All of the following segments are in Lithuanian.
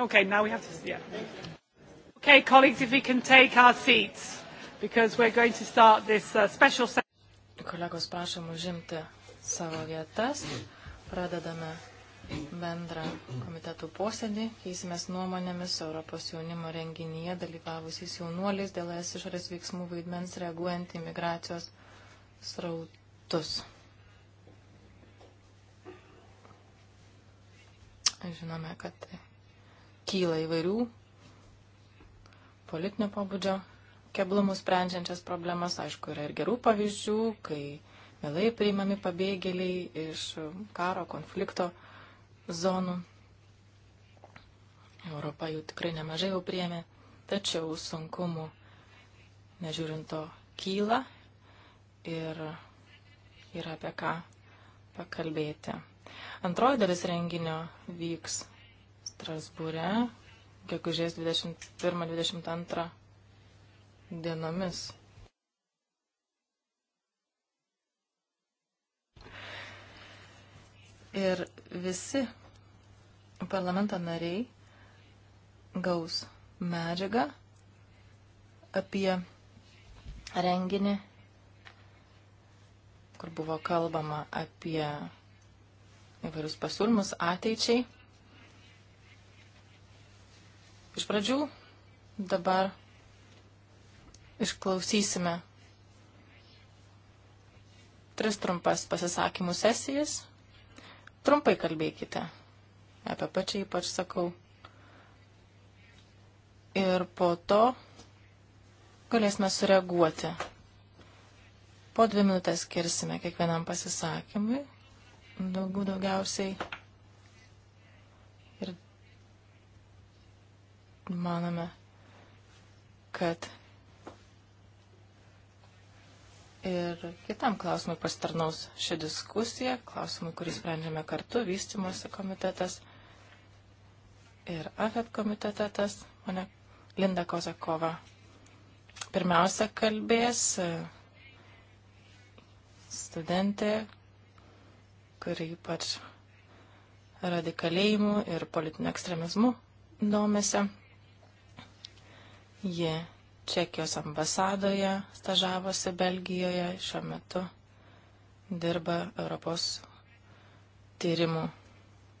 Okay, now we have to, yeah. Okay, colleagues, if we can take our seats, because we're going to start this uh, special session. Kolegos, prašom užimti savo vietas. Pradedame bendrą komitetų posėdį. Keisimės nuomonėmis Europos jaunimo renginyje dalyvavusiais jaunuoliais dėl es išorės veiksmų vaidmens reaguojant į migracijos srautus. Žinome, kad tai kyla įvairių politinio pabudžio keblumų sprendžiančias problemas. Aišku, yra ir gerų pavyzdžių, kai vėlai priimami pabėgėliai iš karo konflikto zonų. Europa jų tikrai nemažai jau priėmė, tačiau sunkumų nežiūrint to kyla ir yra apie ką pakalbėti. Antroji dalis renginio vyks Strasbūre, gegužės 21-22 dienomis. Ir visi parlamento nariai gaus medžiagą apie renginį, kur buvo kalbama apie įvairius pasiūlymus ateičiai iš pradžių. Dabar išklausysime tris trumpas pasisakymų sesijas. Trumpai kalbėkite. Apie pačią ypač sakau. Ir po to galėsime sureaguoti. Po dvi minutės skirsime kiekvienam pasisakymui. Daugų daugiausiai manome, kad ir kitam klausimui pastarnaus šią diskusiją, klausimui, kurį sprendžiame kartu, vystimosi komitetas ir AFET komitetas, mane Linda Kozakova. Pirmiausia kalbės studentė, kuri ypač radikalėjimu ir politiniu ekstremizmu domėsi. Ji Čekijos ambasadoje stažavosi Belgijoje, šiuo metu dirba Europos tyrimų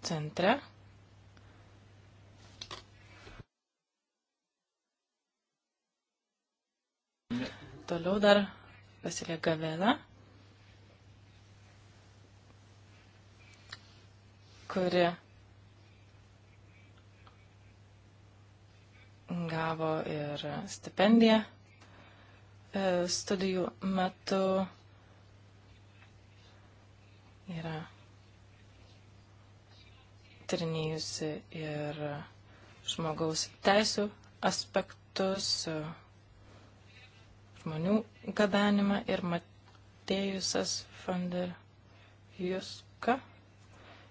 centre. Toliau dar Vasilė Gavela, kuri gavo ir stipendiją e, studijų metu. Yra tyrinėjusi ir žmogaus teisų aspektus, žmonių gabenimą ir Matėjusas van der Juska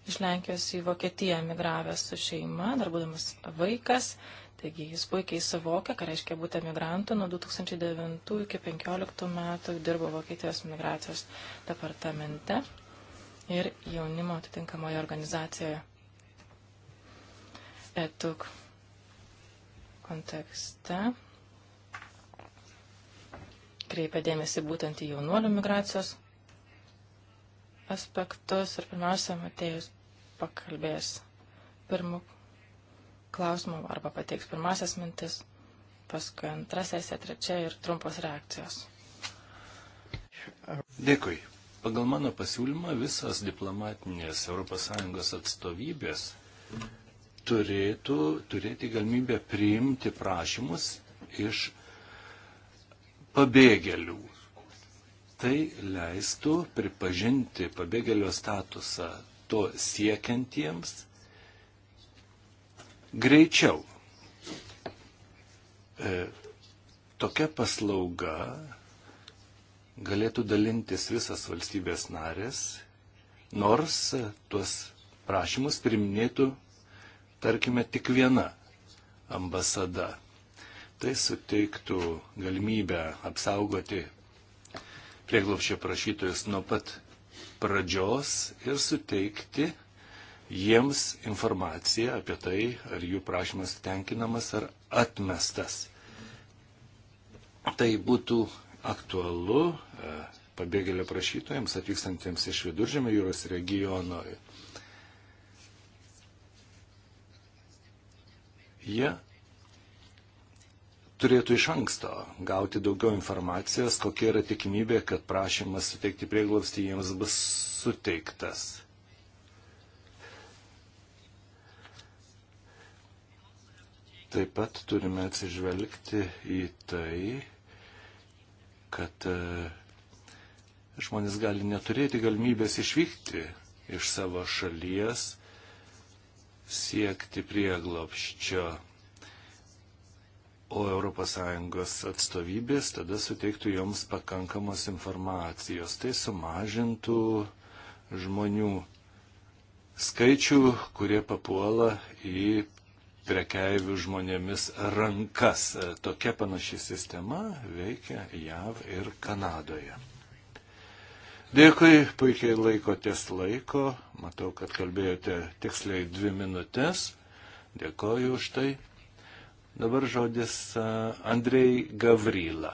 iš Lenkijos į Vokietiją emigravęs su šeima, dar būdamas vaikas, Taigi jis puikiai savokia, ką reiškia būti emigrantu. Nuo 2009 iki 2015 metų dirbo Vokietijos migracijos departamente ir jaunimo atitinkamoje organizacijoje. ETUK kontekste kreipia dėmesį būtent į jaunuolių migracijos aspektus ir pirmiausia, Matėjus pakalbės pirmu klausimų arba pateiks pirmasias mintis, paskui antra sesija, trečia ir trumpos reakcijos. Dėkui. Pagal mano pasiūlymą visos diplomatinės ES atstovybės turėtų turėti galimybę priimti prašymus iš pabėgėlių. Tai leistų pripažinti pabėgėlio statusą to siekiantiems greičiau. E, tokia paslauga galėtų dalintis visas valstybės narės, nors tuos prašymus priminėtų, tarkime, tik viena ambasada. Tai suteiktų galimybę apsaugoti prieglopščio prašytojus nuo pat pradžios ir suteikti jiems informaciją apie tai, ar jų prašymas tenkinamas ar atmestas. Tai būtų aktualu e, pabėgėlio prašytojams atvykstantiems iš viduržėmio jūros regiono. Jie turėtų iš anksto gauti daugiau informacijos, kokia yra tikimybė, kad prašymas suteikti prieglobstį jiems bus suteiktas. Taip pat turime atsižvelgti į tai, kad e, žmonės gali neturėti galimybės išvykti iš savo šalies, siekti prieglopščio, o ES atstovybės tada suteiktų joms pakankamos informacijos. Tai sumažintų žmonių skaičių, kurie papuola į prekeivių žmonėmis rankas. Tokia panaši sistema veikia JAV ir Kanadoje. Dėkui, puikiai laikotės laiko. Matau, kad kalbėjote tiksliai dvi minutės. Dėkoju už tai. Dabar žodis Andrei Gavryla.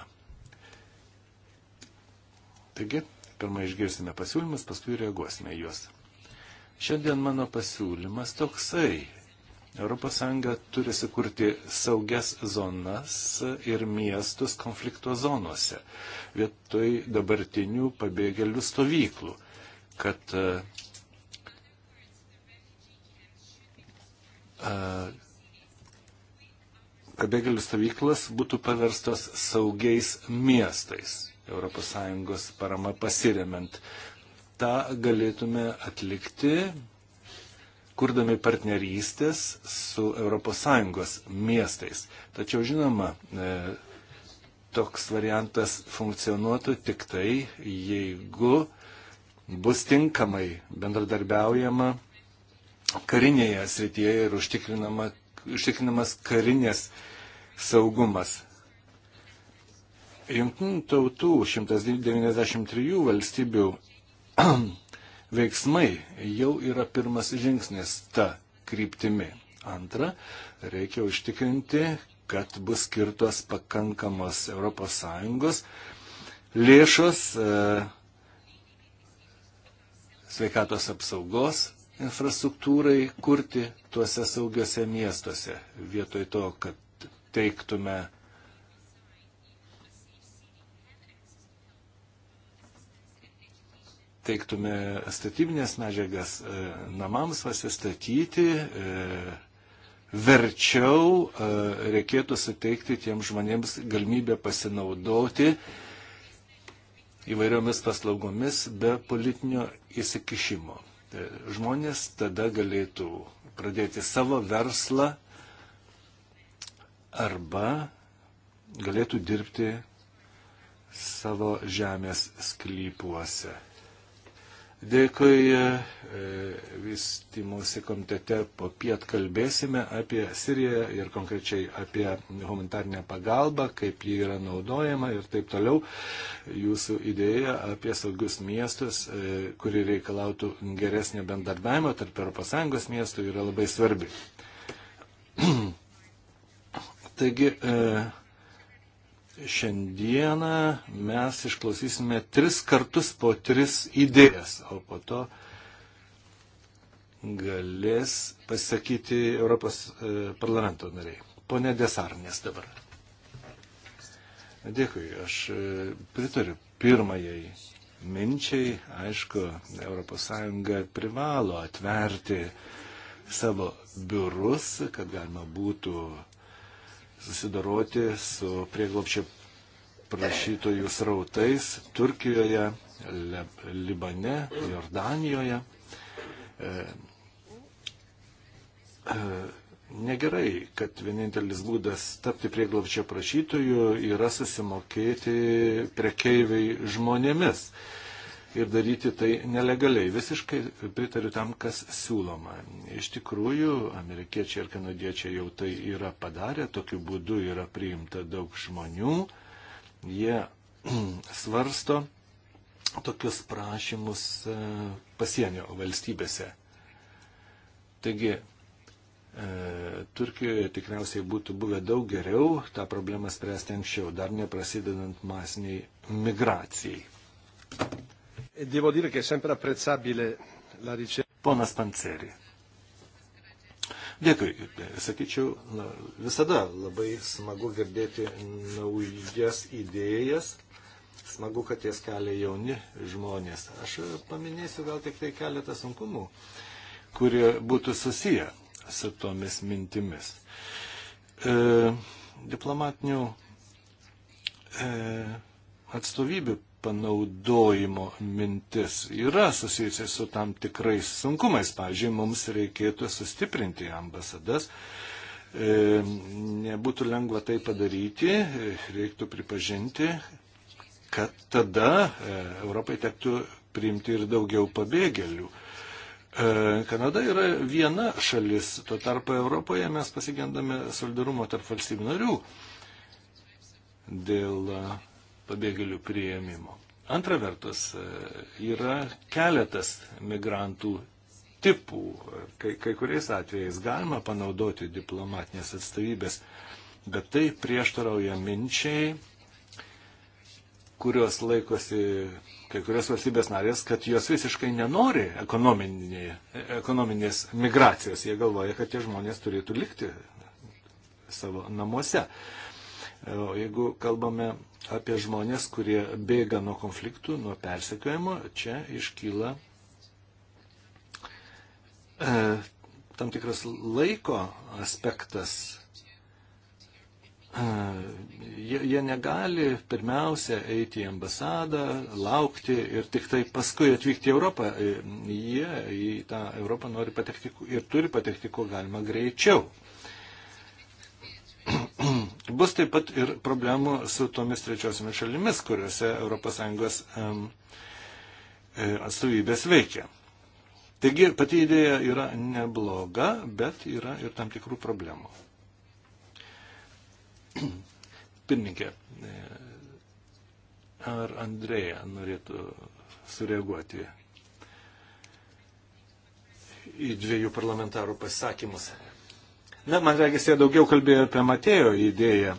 Taigi, pirmą išgirsime pasiūlymus, paskui reaguosime juos. Šiandien mano pasiūlymas toksai. ES turi sukurti saugias zonas ir miestus konflikto zonose vietoj dabartinių pabėgėlių stovyklų, kad e, e, pabėgėlių stovyklas būtų paverstos saugiais miestais. ES parama pasiremiant. Ta galėtume atlikti kurdami partnerystės su ES miestais. Tačiau žinoma, e, toks variantas funkcionuotų tik tai, jeigu bus tinkamai bendradarbiaujama karinėje srityje ir užtikrinama, užtikrinamas karinės saugumas. Junktinių tautų 193 valstybių veiksmai jau yra pirmas žingsnis ta kryptimi. Antra, reikia užtikrinti, kad bus skirtos pakankamos ES lėšos e, sveikatos apsaugos infrastruktūrai kurti tuose saugiuose miestuose, vietoj to, kad teiktume teiktume statybinės medžiagas e, namams pasistatyti, e, verčiau e, reikėtų suteikti tiems žmonėms galimybę pasinaudoti įvairiomis paslaugomis be politinio įsikišimo. Žmonės tada galėtų pradėti savo verslą arba galėtų dirbti savo žemės sklypuose. Dėkui e, vystimusi komitete po piet kalbėsime apie Siriją ir konkrečiai apie humanitarnę pagalbą, kaip ji yra naudojama ir taip toliau. Jūsų idėja apie saugius miestus, e, kuri reikalautų geresnio bendarbiavimo tarp ES miestų yra labai svarbi. Taigi, e, šiandieną mes išklausysime tris kartus po tris idėjas, o po to galės pasisakyti Europos e, parlamento nariai. Pone Desarnės dabar. Dėkui, aš e, pritariu pirmajai minčiai. Aišku, ES privalo atverti savo biurus, kad galima būtų susidoroti su prieglopčio prašytojų srautais Turkijoje, Libane, Jordanijoje. E, e, negerai, kad vienintelis būdas tapti prieglopčio prašytojų yra susimokėti prekeiviai žmonėmis ir daryti tai nelegaliai. Visiškai pritariu tam, kas siūloma. Iš tikrųjų, amerikiečiai ir kanadiečiai jau tai yra padarę, tokiu būdu yra priimta daug žmonių. Jie svarsto tokius prašymus e, pasienio valstybėse. Taigi, e, Turkijoje tikriausiai būtų buvę daug geriau tą problemą spręsti anksčiau, dar neprasidedant masiniai migracijai. E devo dire che è sempre apprezzabile la ricerca. Ponas Panceri. Dėkui, sakyčiau, visada labai smagu girdėti naujas idėjas, smagu, kad jas kelia jauni žmonės. Aš paminėsiu gal tik tai keletą sunkumų, kurie būtų susiję su tomis mintimis. E, diplomatinių e, atstovybių panaudojimo mintis yra susijusi su tam tikrais sunkumais. Pavyzdžiui, mums reikėtų sustiprinti ambasadas. E, nebūtų lengva tai padaryti, reiktų pripažinti, kad tada e, Europai tektų priimti ir daugiau pabėgėlių. E, Kanada yra viena šalis, tuo tarpu Europoje mes pasigendame solidarumo tarp valstybių narių dėl pabėgėlių prieimimo. Antra vertus, e, yra keletas migrantų tipų. Kai, kai kuriais atvejais galima panaudoti diplomatinės atstovybės, bet tai prieštarauja minčiai, kurios laikosi kai kurios valstybės narės, kad jos visiškai nenori ekonominė, ekonominės migracijos. Jie galvoja, kad tie žmonės turėtų likti savo namuose. Uh, E, o jeigu kalbame apie žmonės, kurie bėga nuo konfliktų, nuo persekiojimo, čia iškyla e, tam tikras laiko aspektas. E, jie, jie negali pirmiausia eiti į ambasadą, laukti ir tik tai paskui atvykti į Europą. E, jie į tą Europą nori patekti ir turi patekti kuo galima greičiau. Bus taip pat ir problemų su tomis trečiosiomis šalimis, kuriuose ES e, atstovybės veikia. Taigi pati idėja yra nebloga, bet yra ir tam tikrų problemų. Pirmininkė, e, ar Andrėja norėtų sureaguoti į dviejų parlamentarų pasisakymus? Na, man regis, jie daugiau kalbėjo apie Matėjo idėją,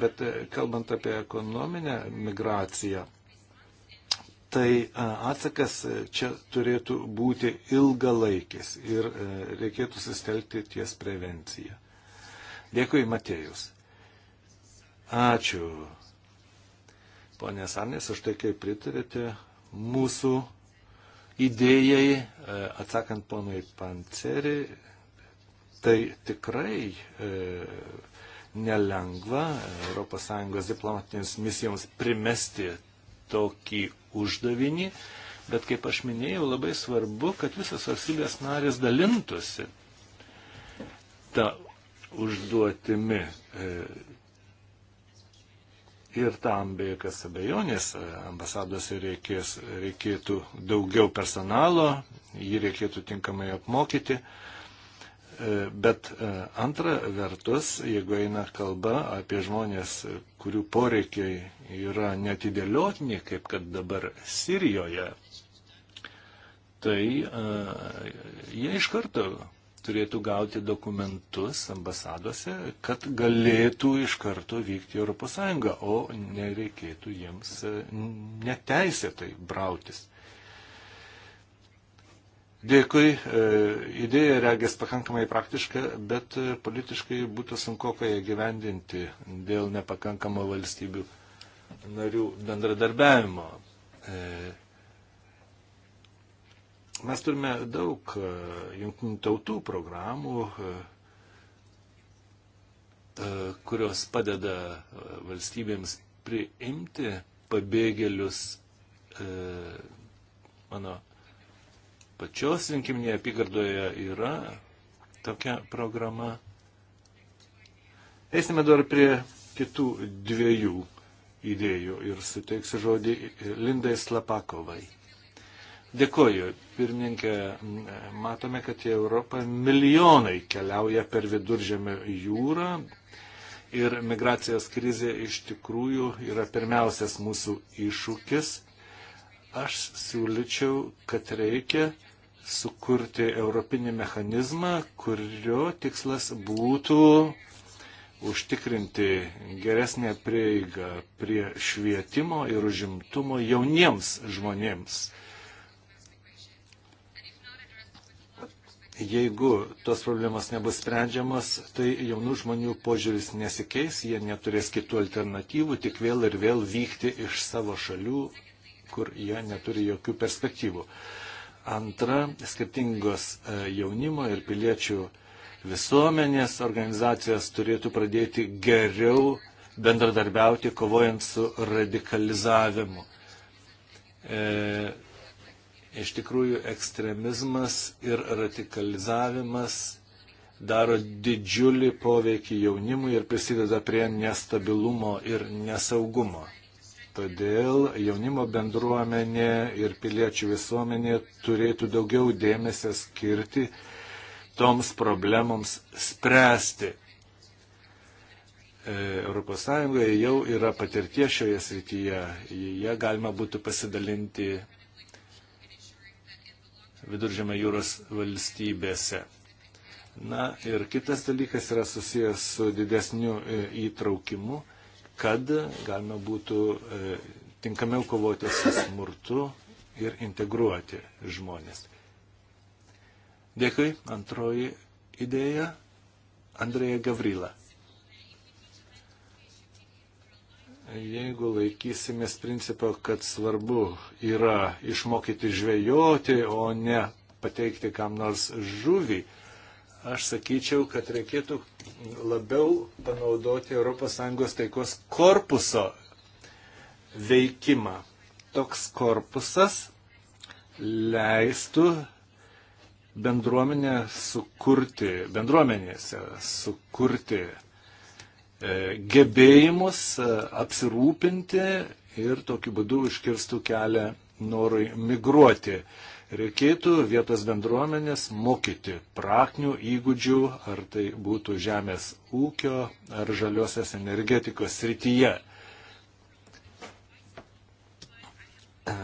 bet e, kalbant apie ekonominę migraciją, tai e, atsakas e, čia turėtų būti ilgalaikis ir reikėtų sustelkti ties prevenciją. Dėkui, Matėjus. Ačiū, ponė Sarnės, už tai, kaip pritarėte mūsų idėjai, atsakant ponui Panceri, tai tikrai e, nelengva ES diplomatinėms misijoms primesti tokį uždavinį, bet kaip aš minėjau, labai svarbu, kad visas valstybės narės dalintusi tą užduotimi. E, ir tam be jokios abejonės ambasadose reikės, reikėtų daugiau personalo, jį reikėtų tinkamai apmokyti. E, E, bet e, antra vertus, jeigu eina kalba apie žmonės, kurių poreikiai yra netidėliotini, kaip kad dabar Sirijoje, tai e, jie iš karto turėtų gauti dokumentus ambasadose, kad galėtų iš karto vykti į ES, o nereikėtų jiems neteisėtai brautis Dėkui, e, idėja regės pakankamai praktiška, bet e, politiškai būtų sunku ją gyvendinti dėl nepakankamo valstybių narių bendradarbiavimo. E, mes turime daug jungtinių tautų programų, kurios padeda valstybėms priimti pabėgėlius. Mano pačios rinkiminėje apygardoje yra tokia programa. Eisime dar prie kitų dviejų idėjų ir suteiksiu žodį Lindai Slapakovai. Dėkoju, pirmininkė, matome, kad į Europą milijonai keliauja per viduržėmio jūrą ir migracijos krizė iš tikrųjų yra pirmiausias mūsų iššūkis. Aš siūlyčiau, kad reikia sukurti europinį mechanizmą, kurio tikslas būtų užtikrinti geresnę prieigą prie švietimo ir užimtumo jauniems žmonėms. Jeigu tos problemas nebus sprendžiamas, tai jaunų žmonių požiūris nesikeis, jie neturės kitų alternatyvų, tik vėl ir vėl vykti iš savo šalių, kur jie neturi jokių perspektyvų. Uh, Antra, skirtingos e, jaunimo ir piliečių visuomenės organizacijos turėtų pradėti geriau bendradarbiauti, kovojant su radikalizavimu. E, iš tikrųjų, ekstremizmas ir radikalizavimas daro didžiulį poveikį jaunimui ir prisideda prie nestabilumo ir nesaugumo. Todėl jaunimo bendruomenė ir piliečių visuomenė turėtų daugiau dėmesio skirti toms problemoms spręsti. ES jau yra patirtie šioje srityje, jie galima būtų pasidalinti viduržėme jūros valstybėse. Na ir kitas dalykas yra susijęs su didesniu e, įtraukimu. E, kad galima būtų e, tinkamiau kovoti su smurtu ir integruoti žmonės. Dėkui. Antroji idėja - Andrėja Gavrila. Jeigu laikysimės principą, kad svarbu yra išmokyti žvejoti, o ne pateikti kam nors žuvį, Aš sakyčiau, kad reikėtų labiau panaudoti ES taikos korpuso veikimą. Toks korpusas leistų bendruomenę sukurti, bendruomenėse sukurti e, gebėjimus e, apsirūpinti ir tokiu būdu užkirstų kelią norui migruoti. Reikėtų vietos bendruomenės mokyti praktinių įgūdžių, ar tai būtų žemės ūkio ar žaliosios energetikos srityje. E,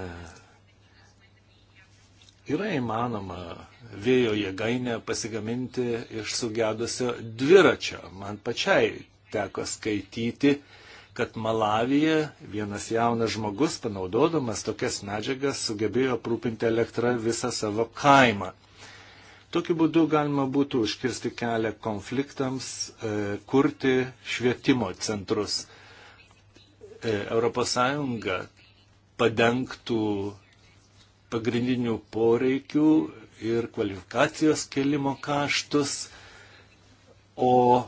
yra įmanoma vėjo jėgainę pasigaminti iš sugedusio dviračio. Man pačiai teko skaityti uh, kad Malavija vienas jaunas žmogus, panaudodamas tokias medžiagas, sugebėjo aprūpinti elektrą visą savo kaimą. Tokiu būdu galima būtų užkirsti kelią konfliktams, e, kurti švietimo centrus. ES padengtų pagrindinių poreikių ir kvalifikacijos kelimo kaštus, o e,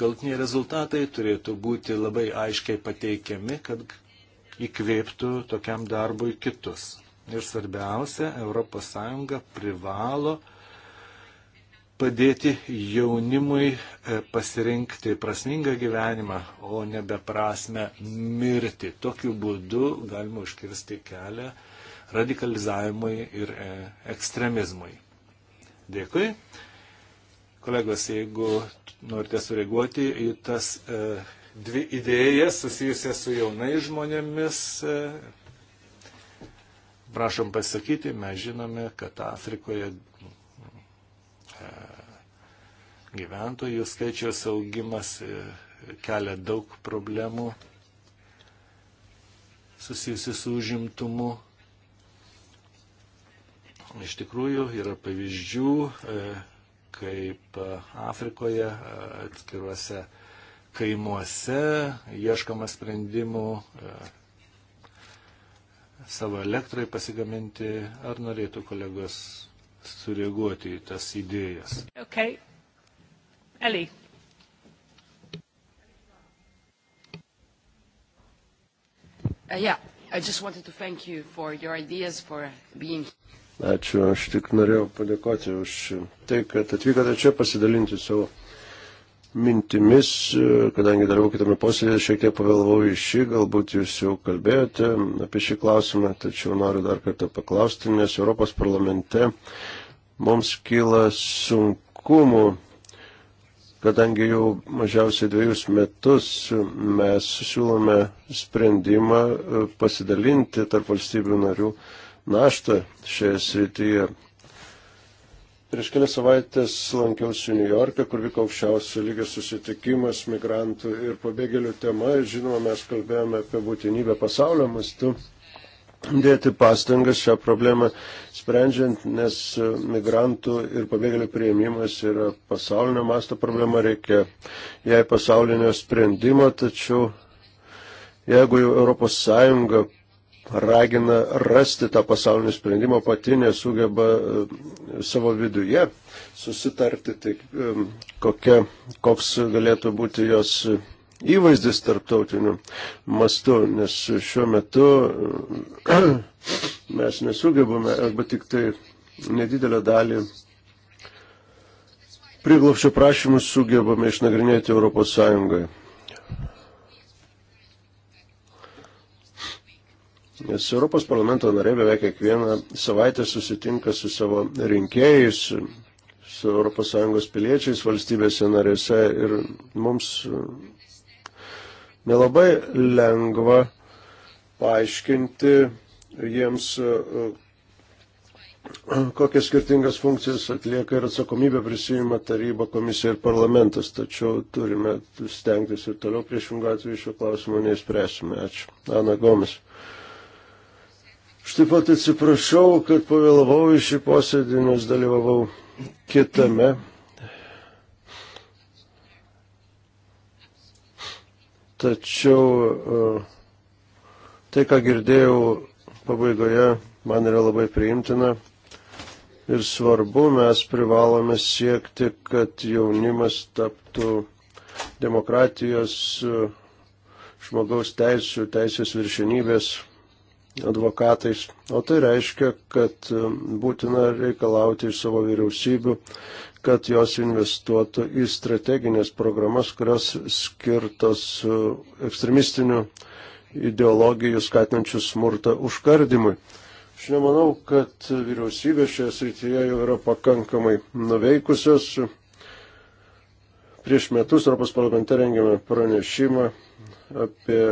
galtiniai rezultatai turėtų būti labai aiškiai pateikiami, kad įkvėptų tokiam darbui kitus. Ir svarbiausia, ES privalo padėti jaunimui e, pasirinkti prasmingą gyvenimą, o ne beprasme mirti. Tokiu būdu galima užkirsti kelią radikalizavimui ir e, ekstremizmui. Dėkui. Kolegos, jeigu norite sureaguoti į tas e, dvi idėjas susijusias su jaunais žmonėmis, e, prašom pasakyti, mes žinome, kad Afrikoje e, gyventojų skaičiaus augimas e, kelia daug problemų susijusi su užimtumu. Iš tikrųjų yra pavyzdžių, e, kaip e, Afrikoje, e, atskiruose kaimuose, ieškama sprendimų e, savo elektrai pasigaminti, ar norėtų kolegos sureaguoti į tas idėjas. Okay. Eli. Uh, yeah. Being... Ačiū, aš tik norėjau padėkoti už tai, kad atvykote čia pasidalinti savo mintimis, kadangi dalyvau kitame posėdėje, šiek tiek pavėlavau į šį, galbūt jūs jau kalbėjote apie šį klausimą, tačiau noriu dar kartą paklausti, nes Europos parlamente mums kyla sunkumų kadangi jau mažiausiai dviejus metus mes siūlome sprendimą e, pasidalinti tarp valstybių narių naštą šioje srityje. Prieš kelias savaitės lankiausi New York'e, kur vyko aukščiausio lygio susitikimas migrantų ir pabėgėlių tema. Žinoma, mes kalbėjome apie būtinybę pasaulio mastu dėti pastangas šią problemą sprendžiant, nes e, migrantų ir pabėgėlių prieimimas yra pasaulinio masto problema, reikia jai pasaulinio sprendimo, tačiau jeigu jau ES ragina rasti tą pasaulinį sprendimą, pati nesugeba e, savo viduje susitarti, tai e, kokia, koks galėtų būti jos įvaizdis tarptautiniu mastu, nes šiuo metu mes nesugebame arba tik tai nedidelę dalį priglopščio prašymus sugebame išnagrinėti Europos Sąjungoje. Nes Europos parlamento narė beveik kiekvieną savaitę susitinka su savo rinkėjais, su ES piliečiais valstybėse narėse ir mums nelabai lengva paaiškinti jiems, e, kokias skirtingas funkcijas atlieka ir atsakomybę prisijima taryba, komisija ir parlamentas. Tačiau turime stengtis ir toliau priešingų atveju šio klausimo neįspręsime. Ačiū. Ana Gomes. Aš taip pat atsiprašau, kad pavėlavau į šį posėdį, nes dalyvavau kitame. Tačiau e, tai, ką girdėjau pabaigoje, man yra labai priimtina ir svarbu, mes privalome siekti, kad jaunimas taptų demokratijos, e, žmogaus teisų, teisės viršinybės advokatais. O tai reiškia, kad um, būtina reikalauti iš savo vyriausybių, kad jos investuotų į strateginės programas, kurios skirtos ekstremistinių ideologijų skatinančių smurtą užkardimui. Aš nemanau, kad vyriausybė šioje srityje jau yra pakankamai nuveikusios. Prieš metus Europos parlamente rengėme pranešimą apie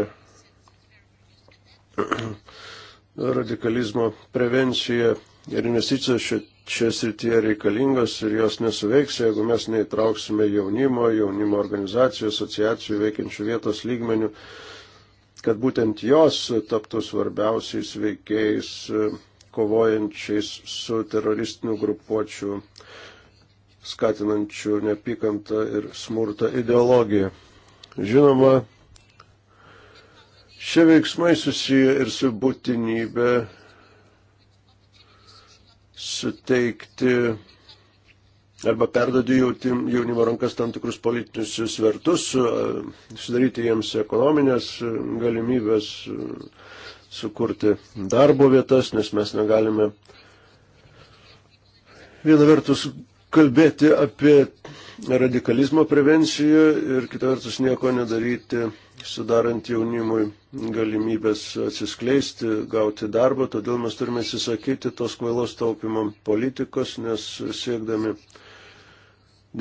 radikalizmo prevencija ir investicijos šioje srityje reikalingos ir jos nesuveiks, jeigu mes neįtrauksime jaunimo, jaunimo organizacijų, asociacijų veikiančių vietos lygmenių, kad būtent jos taptų svarbiausiais veikėjais kovojančiais su teroristinių grupuočių skatinančių neapykantą ir smurtą ideologiją. Žinoma, Šie veiksmai susiję ir su būtinybė suteikti arba perduoti jaunimo rankas tam tikrus politinius svertus, e, sudaryti jiems ekonominės e, galimybės, e, sukurti darbo vietas, nes mes negalime viena vertus kalbėti apie radikalizmo prevenciją ir kita vertus nieko nedaryti sudarant jaunimui galimybės atsiskleisti, gauti darbą, todėl mes turime atsisakyti tos kvailos taupimo politikos, nes siekdami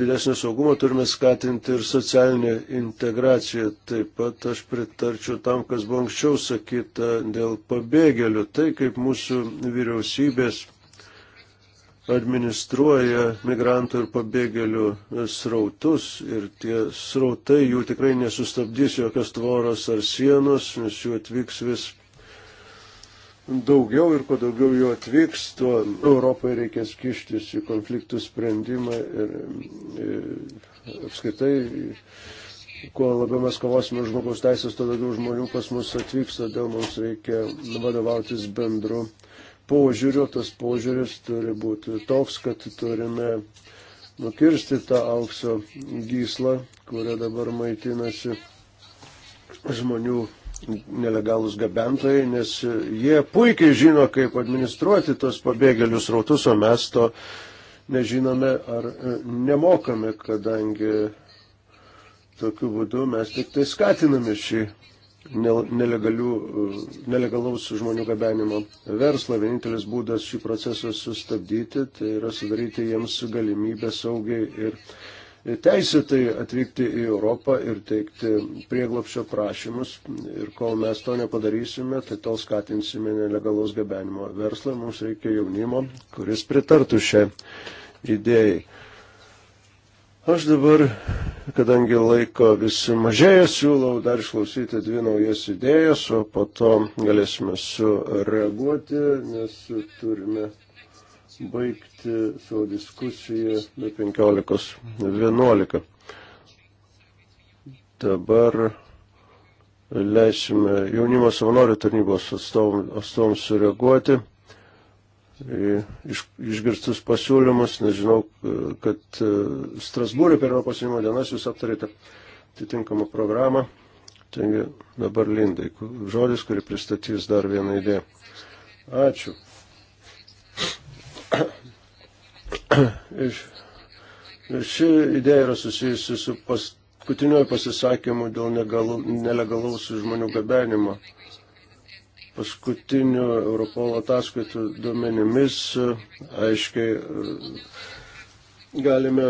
didesnio saugumo turime skatinti ir socialinę integraciją. Taip pat aš pritarčiau tam, kas buvo anksčiau sakyta dėl pabėgėlių, tai kaip mūsų vyriausybės administruoja migrantų ir pabėgėlių srautus ir tie srautai jų tikrai nesustabdys jokios tvoros ar sienos, nes jų atvyks vis daugiau ir kuo daugiau jų atvyks, tuo Europai reikės kištis į konfliktų sprendimą ir, ir e, apskaitai, kuo labiau mes kovosime žmogaus teisės, tuo daugiau žmonių pas mus atvyks, todėl mums reikia vadovautis bendru požiūriu, tas požiūris turi būti toks, kad turime nukirsti tą aukso gyslą, kurią dabar maitinasi žmonių nelegalus gabentojai, nes jie puikiai žino, kaip administruoti tos pabėgėlius rautus, o mes to nežinome ar e, nemokame, kadangi tokiu būdu mes tik tai skatiname šį nelegalaus žmonių gabenimo verslą. Vienintelis būdas šį procesą sustabdyti, tai yra sudaryti jiems galimybę saugiai ir teisėtai atvykti į Europą ir teikti prieglopšio prašymus. Ir kol mes to nepadarysime, tai tol skatinsime nelegalaus gabenimo verslą. Mums reikia jaunimo, kuris pritartų šią idėją. Aš dabar, kadangi laiko visi mažėja, siūlau dar išklausyti dvi naujas idėjas, o po to galėsime sureaguoti, nes turime baigti savo diskusiją be 15.11. Dabar leisime jaunimo savanorių tarnybos atstovams sureaguoti iš, išgirstus pasiūlymus, nežinau, kad e, Strasbūrė per Europos jaunimo dienas jūs aptarėte atitinkamą programą. Taigi dabar Lindai, žodis, kurį pristatys dar vieną idėją. Ačiū. Iš, ši idėja yra susijusi su paskutiniuoju pasisakymu dėl negalu, nelegalaus žmonių gabenimo. Paskutinių Europolo ataskaitų duomenimis aiškiai galime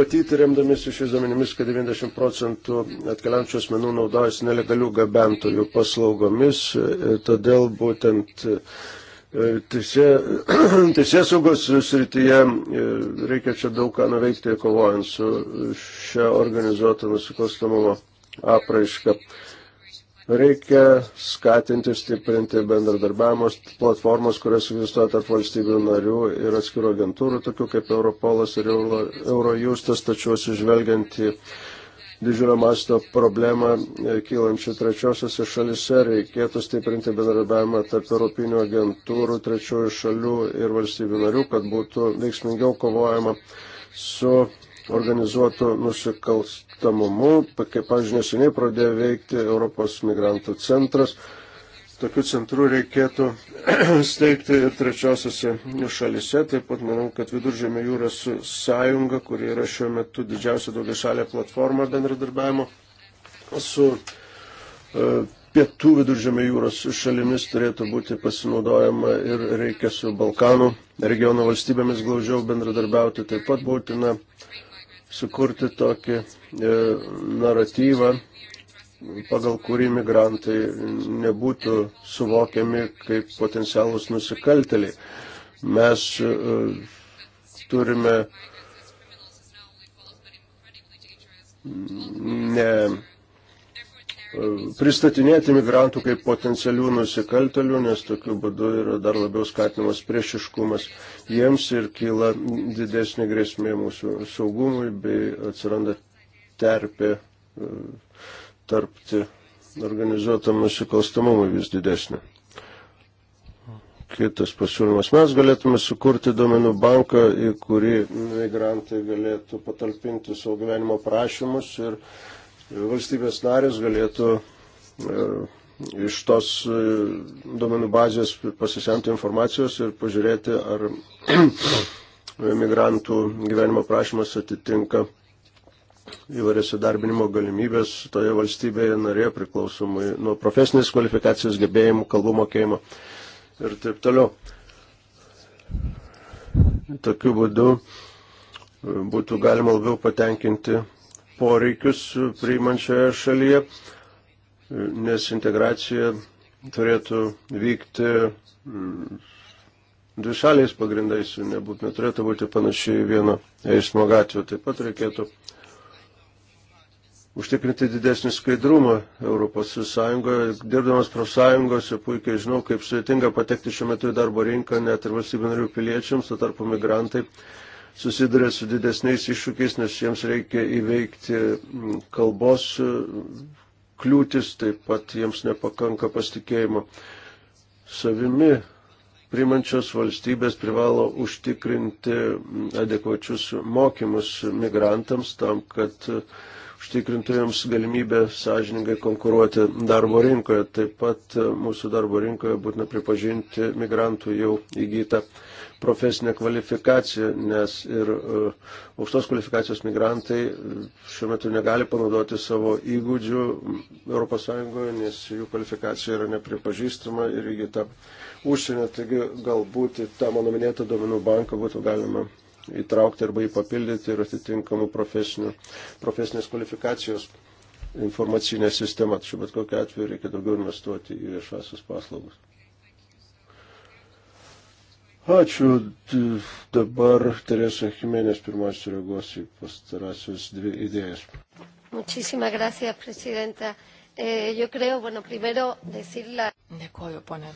matyti, remdamiesi šiais duomenimis, kad 90 procentų atkeliančių asmenų naudojasi nelegalių gabentojų paslaugomis, todėl būtent e, teisėsaugos srityje e, reikia čia daug ką nuveikti, kovojant su šią organizuotą nusikalstamumo apraišką. Reikia skatinti, stiprinti bendradarbiavimo platformas, kurios egzistuoja tarp valstybių narių ir atskirų agentūrų, tokių kaip Europolas ir Eurojustas, tačiau atsižvelgiant į didžiulio masto problemą e, kylančią trečiosiose šalise, reikėtų stiprinti bendradarbiavimą tarp Europinių agentūrų, trečiojų šalių ir valstybių narių, kad būtų veiksmingiau kovojama su organizuotų nusikalstamumu, kaip, pavyzdžiui, neseniai pradėjo veikti Europos migrantų centras. Tokių centrų reikėtų steigti ir trečiosiose šalise. Taip pat manau, kad Viduržėmė jūros sąjunga, kuri yra šiuo metu didžiausia daugia šalė platforma bendradarbiavimo su e, pietų viduržėmio jūros šalimis turėtų būti pasinaudojama ir reikia su Balkanų regiono valstybėmis glaudžiau bendradarbiauti. Taip pat būtina sukurti tokį e, naratyvą, pagal kurį migrantai nebūtų suvokiami kaip potencialus nusikalteliai. Mes e, turime ne pristatinėti migrantų kaip potencialių nusikaltelių, nes tokiu būdu yra dar labiau skatinamas priešiškumas jiems ir kyla didesnė grėsmė mūsų saugumui bei atsiranda terpė e, tarpti organizuotam nusikalstamumui vis didesnė. Kitas pasiūlymas. Mes galėtume sukurti duomenų banką, į kurį migrantai galėtų patalpinti savo gyvenimo prašymus ir uh, valstybės narės galėtų e, iš tos e, duomenų bazės pasisemti informacijos ir pažiūrėti, ar migrantų gyvenimo prašymas atitinka įvairias įdarbinimo galimybės toje valstybėje narėje priklausomai nuo profesinės kvalifikacijos gebėjimų, kalbų mokėjimo ir taip toliau. Tokiu būdu e, būtų galima labiau patenkinti poreikius priimančioje šalyje, nes integracija turėtų vykti mm, dvišaliais pagrindais, nebūtinai turėtų būti panašiai vieno eismo gatvė. Taip pat reikėtų užtikrinti didesnį skaidrumą Europos Sąjungoje. Dirbdamas profsąjungose puikiai žinau, kaip sudėtinga patekti šiuo metu į darbo rinką net ir valstybių narių piliečiams, o tarpu migrantai susiduria su didesniais iššūkiais, nes jiems reikia įveikti mm, kalbos mm, kliūtis, taip pat jiems nepakanka pasitikėjimo savimi. Primančios valstybės privalo užtikrinti mm, adekvačius mokymus migrantams tam, kad užtikrintų jiems galimybę sąžiningai konkuruoti darbo rinkoje. Taip pat mūsų darbo rinkoje būtina pripažinti migrantų jau įgytą profesinę kvalifikaciją, nes ir e, aukštos kvalifikacijos migrantai e, šiuo metu negali panaudoti savo įgūdžių ES, nes jų kvalifikacija yra nepripažįstama ir įgyta užsienio. Taigi galbūt tą mano minėtą duomenų banką būtų galima įtraukti arba jį papildyti ir atitinkamų profesinės kvalifikacijos informacinė sistema. Tačiau bet kokiu atveju reikia daugiau investuoti į viešasias paslaugas. Ačiū. Dabar Teresa Jimenez pirmas sureaguos į pastarasios dvi idėjas. Muchísimas gracias, presidenta. Eh, yo creo, bueno, primero decirla. Dėkoju, ponė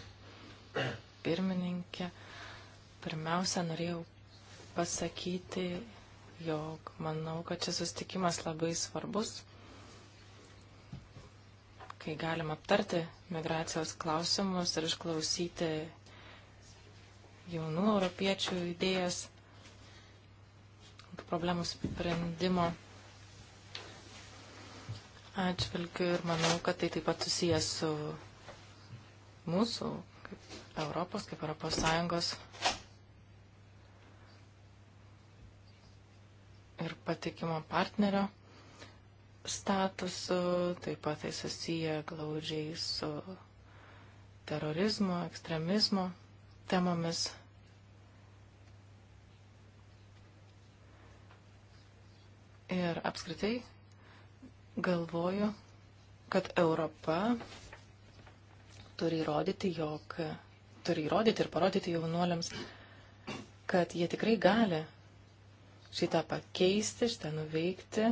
pirmininkė. Pirmiausia, norėjau pasakyti, jog manau, kad šis sustikimas labai svarbus, kai galim aptarti migracijos klausimus ir išklausyti jaunų europiečių idėjas problemų sprendimo atžvilgiu ir manau, kad tai taip pat susijęs su mūsų kaip Europos, kaip Europos Sąjungos ir patikimo partnerio statusu, taip pat tai susiję glaudžiai su terorizmo, ekstremizmo temomis. Ir apskritai galvoju, kad Europa turi įrodyti, jog turi įrodyti ir parodyti jaunuoliams, kad jie tikrai gali šitą pakeisti, šitą nuveikti.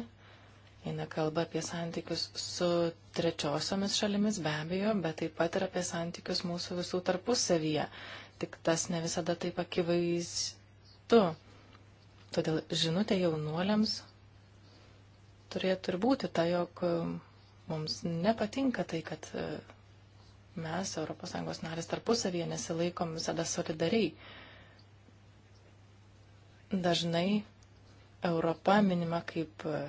Eina kalba apie santykius su trečiosiomis šalimis be abejo, bet taip pat ir apie santykius mūsų visų tarpusavyje. Tik tas ne visada taip akivaizdu. Todėl žinutė jaunuoliams turėtų ir būti ta, jog e, mums nepatinka tai, kad e, mes, ES narės, tarpusavyje nesilaikom visada solidariai. Dažnai Europa minima kaip e,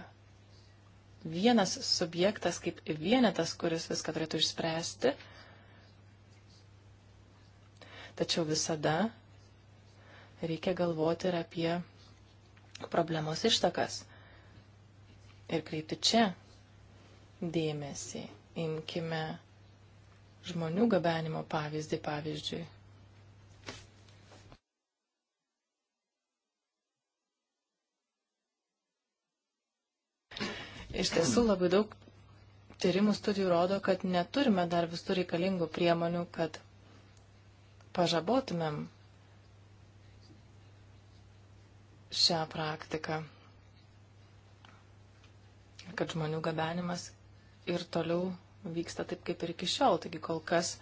vienas subjektas, kaip vienetas, kuris viską turėtų išspręsti. Tačiau visada reikia galvoti ir apie problemos ištakas ir kreipti čia dėmesį. Imkime žmonių gabenimo pavyzdį, pavyzdžiui. Iš tiesų labai daug tyrimų studijų rodo, kad neturime dar visų reikalingų priemonių, kad pažabotumėm šią praktiką kad žmonių gabenimas ir toliau vyksta taip kaip ir iki šiol. Taigi kol kas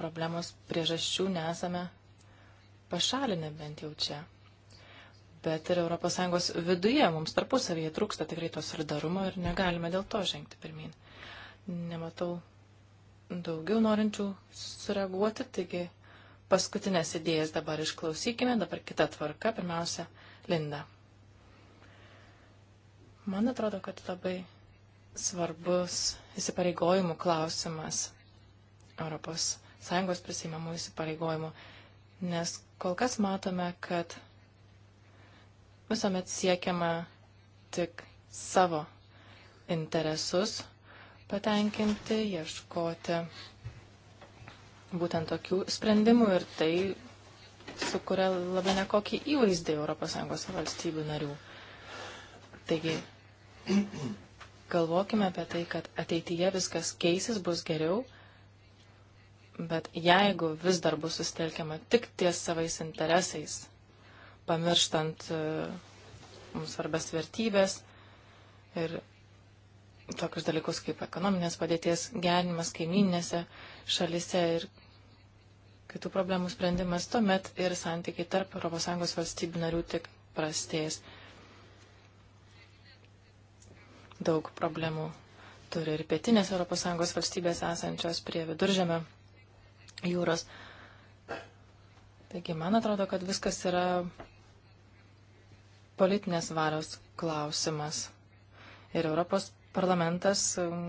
problemos priežasčių nesame pašalinę bent jau čia. Bet ir ES viduje mums tarpusavyje trūksta tikrai to solidarumo ir negalime dėl to žengti pirmin. Nematau daugiau norinčių sureaguoti, taigi paskutinės idėjas dabar išklausykime, dabar kita tvarka, pirmiausia, Linda. Man atrodo, kad labai svarbus įsipareigojimų klausimas Europos Sąjungos prisimamų įsipareigojimų, nes kol kas matome, kad visuomet siekiama tik savo interesus patenkinti, ieškoti būtent tokių sprendimų ir tai sukuria labai nekokį įvaizdį ES valstybių narių. Taigi Galvokime apie tai, kad ateityje viskas keisis, bus geriau, bet jeigu vis dar bus sustelkiama tik ties savais interesais, pamirštant e, mums svarbės vertybės ir tokius dalykus kaip ekonominės padėties gerinimas kaiminėse šalise ir kitų problemų sprendimas, tuomet ir santykiai tarp ES valstybių narių tik prastės daug problemų turi ir pietinės ES valstybės esančios prie viduržėme jūros. Taigi, man atrodo, kad viskas yra politinės varos klausimas. Ir Europos parlamentas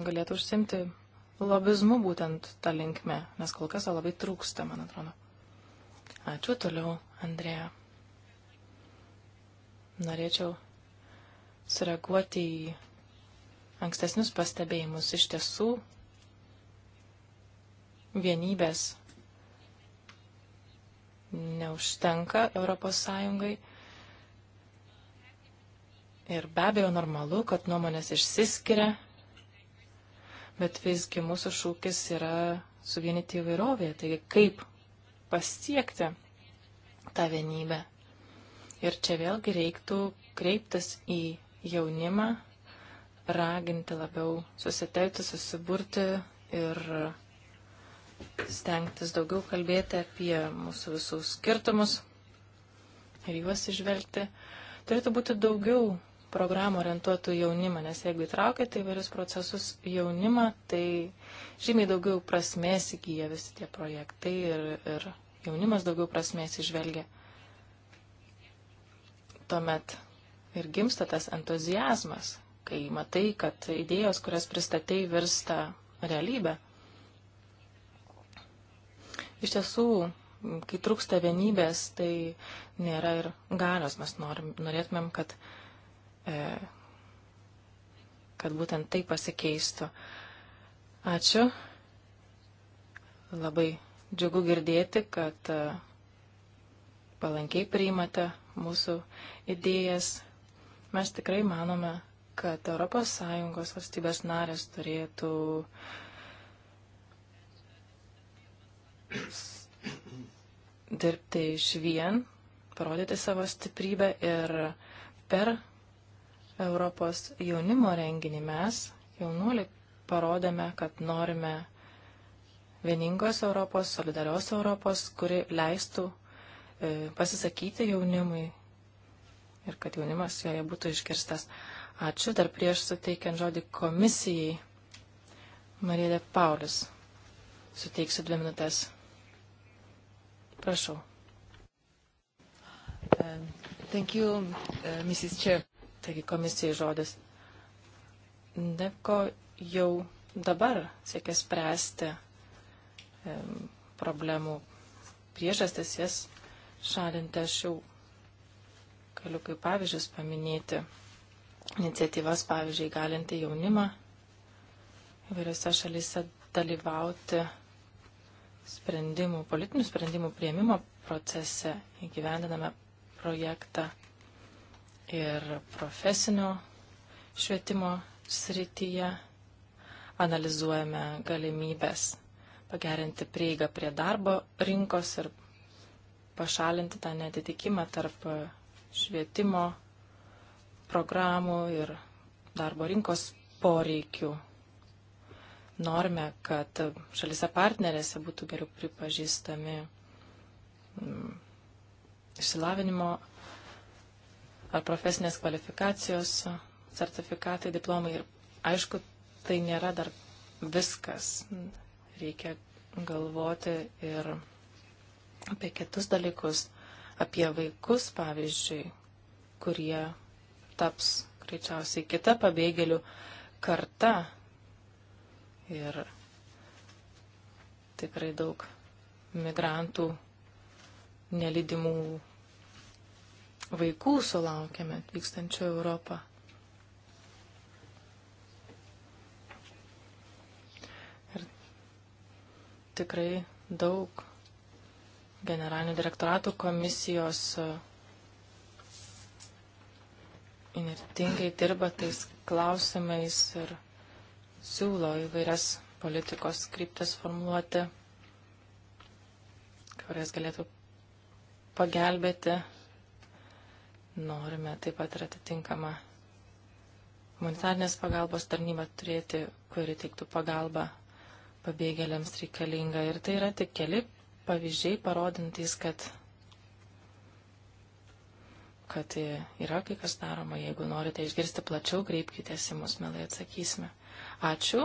galėtų užsimti lobizmu būtent tą linkmę, nes kol kas labai trūksta, man atrodo. Ačiū toliau, Andrėja. Norėčiau sureaguoti į ankstesnius pastebėjimus. Iš tiesų, vienybės neužtenka Europos Sąjungai. Ir be abejo normalu, kad nuomonės išsiskiria, bet visgi mūsų šūkis yra suvienyti įvairovėje. Taigi kaip pasiekti tą vienybę? Ir čia vėlgi reiktų kreiptis į jaunimą, raginti labiau susitelkti, susiburti ir stengtis daugiau kalbėti apie mūsų visų skirtumus ir juos išvelgti. Turėtų būti daugiau programų orientuotų jaunimą, nes jeigu įtraukėte įvairius procesus jaunimą, tai žymiai daugiau prasmės įgyja visi tie projektai ir, ir jaunimas daugiau prasmės išvelgia. Tuomet ir gimsta tas entuzijazmas, kai matai, kad idėjos, kurias pristatai, virsta realybę. Iš tiesų, kai trūksta vienybės, tai nėra ir galios. Mes norim, norėtumėm, kad, e, kad būtent tai pasikeistų. Ačiū. Labai džiugu girdėti, kad e, palankiai priimate mūsų idėjas. Mes tikrai manome, kad ES valstybės narės turėtų dirbti iš vien, parodyti savo stiprybę ir per Europos jaunimo renginį mes, jaunuoliai, parodėme, kad norime vieningos Europos, solidarios Europos, kuri leistų e, pasisakyti jaunimui ir kad jaunimas joje būtų iškirstas. E, Ačiū dar prieš suteikiant žodį komisijai. Marėlė Paulius. Suteiksiu dvi minutės. Prašau. Uh, thank you, uh, Mrs. Chair. Taigi komisijai žodis. Deko jau dabar siekia spręsti um, problemų priežastis, jas šalinti aš jau galiu kaip pavyzdžius paminėti iniciatyvas, pavyzdžiui, galinti jaunimą įvairiose šalyse dalyvauti sprendimų, politinių sprendimų prieimimo procese įgyvendiname projektą ir profesinio švietimo srityje analizuojame galimybės pagerinti prieigą prie darbo rinkos ir pašalinti tą netitikimą tarp švietimo programų ir darbo rinkos poreikių. Norime, kad šalise partnerėse būtų geriau pripažįstami mm, išsilavinimo ar profesinės kvalifikacijos sertifikatai, diplomai. Ir aišku, tai nėra dar viskas. Reikia galvoti ir apie kitus dalykus, apie vaikus, pavyzdžiui, kurie taps greičiausiai kita pabėgėlių karta. Ir tikrai daug migrantų nelidimų vaikų sulaukėme atvykstančio Europą. Ir tikrai daug generalinių direktoratų komisijos uh, inirtingai dirba tais klausimais ir siūlo įvairias politikos kryptis formuluoti, kurias galėtų pagelbėti. Norime taip pat ir atitinkamą humanitarnės pagalbos tarnybą turėti, kuri teiktų pagalbą pabėgėliams reikalinga. Ir tai yra tik keli pavyzdžiai parodintys, kad kad tai yra kai kas daroma. Jeigu norite išgirsti plačiau, kreipkite į mus, melai atsakysime. Ačiū,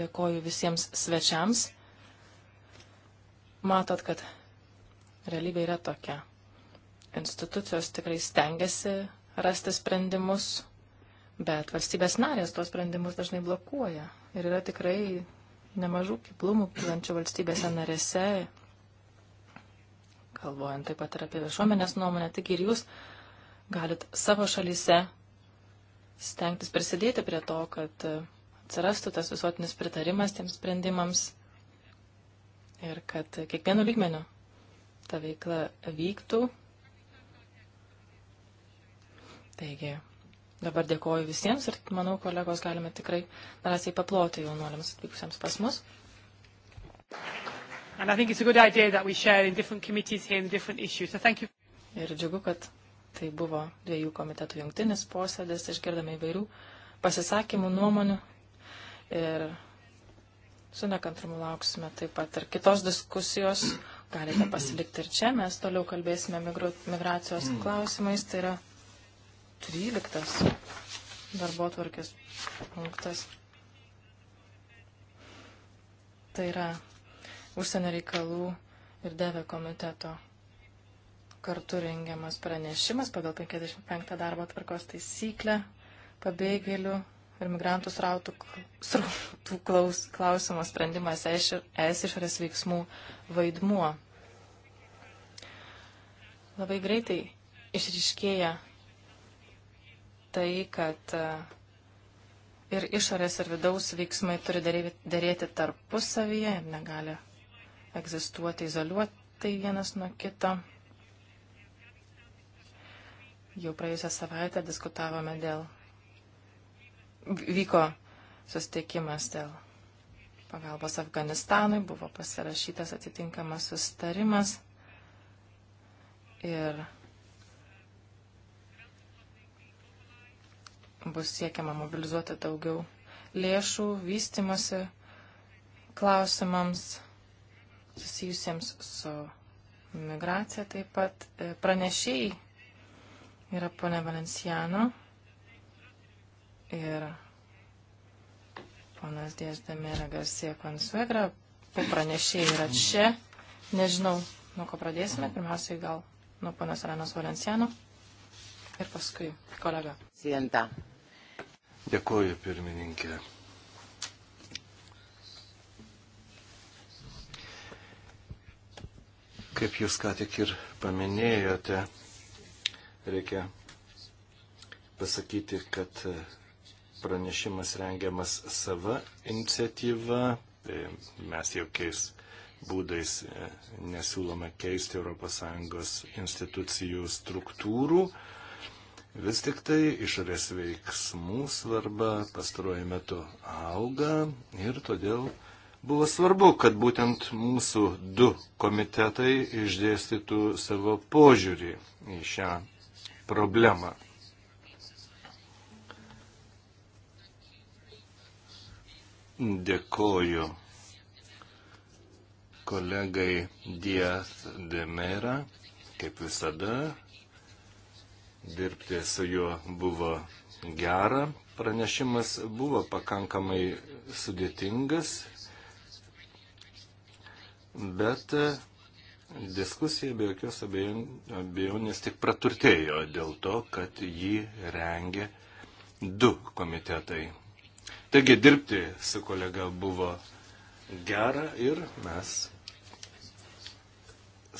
dėkoju visiems svečiams. Matot, kad realybė yra tokia. Institucijos tikrai stengiasi rasti sprendimus, bet valstybės narės tuos sprendimus dažnai blokuoja. Ir yra tikrai nemažų kiplumų kylančių valstybėse narėse, kalbuojant taip pat ir apie visuomenės nuomonę, tik ir jūs galit savo šalyse stengtis prisidėti prie to, kad atsirastų tas visuotinis pritarimas tiems sprendimams ir kad kiekvienu lygmeniu ta veikla vyktų. Taigi, dabar dėkoju visiems ir manau, kolegos, galime tikrai drąsiai paploti jaunuoliams atvykusiems pas mus. And I think it's a good idea that we share in different committees here the different issues. So thank you. Ir džiugu, kad Tai buvo dviejų komitetų jungtinis posėdis, išgirdome įvairių pasisakymų, nuomonių ir su nekantrumu lauksime taip pat ir kitos diskusijos. Galite pasilikti ir čia, mes toliau kalbėsime migracijos klausimais, tai yra 13 darbo tvarkės punktas. Tai yra užsienio reikalų ir devė komiteto kartu rengiamas pranešimas pagal 55 darbo tvarkos taisyklę pabėgėlių ir migrantų srautų, srautų klaus, klausimo sprendimas es išorės veiksmų vaidmuo. Labai greitai išriškėja tai, kad e, ir išorės ir vidaus veiksmai turi dėrėti tarpusavyje ir negali egzistuoti izoliuotai vienas nuo kito. Jau praėjusią savaitę diskutavome dėl. Vyko susitikimas dėl pagalbos Afganistanui, buvo pasirašytas atitinkamas sustarimas ir bus siekiama mobilizuoti daugiau lėšų vystimosi klausimams susijusiems su migracija taip pat e, pranešėjai yra ponia Valenciano ir ponas Dėsdamėra Garcia Konsuegra. Pranešėjai yra čia. Nežinau, nuo ko pradėsime. Pirmiausiai gal nuo ponios Elenos Valenciano ir paskui kolega. Sienta. Dėkuoju, pirmininkė. Kaip jūs ką tik ir paminėjote, Reikia pasakyti, kad pranešimas rengiamas sava iniciatyva. Tai mes jokiais būdais e, nesiūlome keisti ES institucijų struktūrų. Vis tik tai išorės veiksmų svarba pastaruoju metu auga ir todėl buvo svarbu, kad būtent mūsų du komitetai išdėstytų savo požiūrį į šią problemą. Dėkoju kolegai Dijas Demera, kaip visada. Dirbti su juo buvo gera. Pranešimas buvo pakankamai sudėtingas, bet diskusija be jokios abejonės tik praturtėjo dėl to, kad jį rengė du komitetai. Taigi dirbti su kolega buvo gera ir mes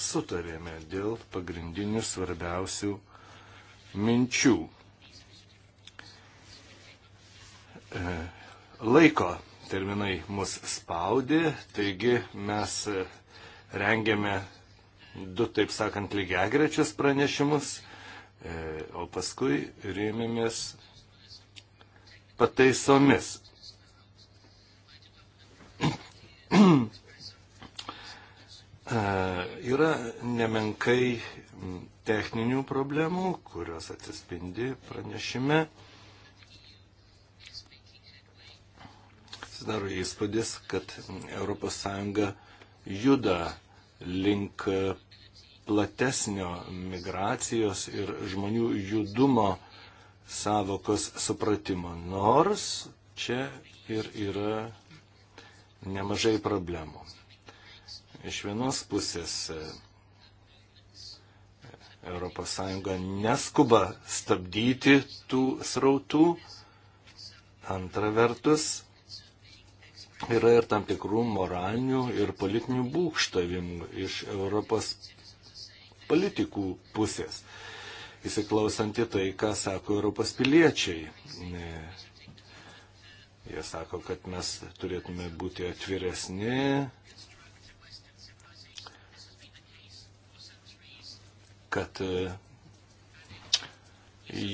sutarėme dėl pagrindinių svarbiausių minčių. E, laiko terminai mus spaudė, taigi mes rengėme du, taip sakant, lygiagrečius pranešimus, e, o paskui rėmėmės pataisomis. E, yra nemenkai techninių problemų, kurios atsispindi pranešime. Susidaro įspūdis, kad ES juda link platesnio migracijos ir žmonių judumo savokos supratimo. Nors čia ir yra nemažai problemų. Iš vienos pusės ES neskuba stabdyti tų srautų, antra vertus yra ir tam tikrų moralinių ir politinių būkštavimų iš Europos politikų pusės, įsiklausant į tai, ką sako Europos piliečiai. Jie sako, kad mes turėtume būti atviresni, kad e,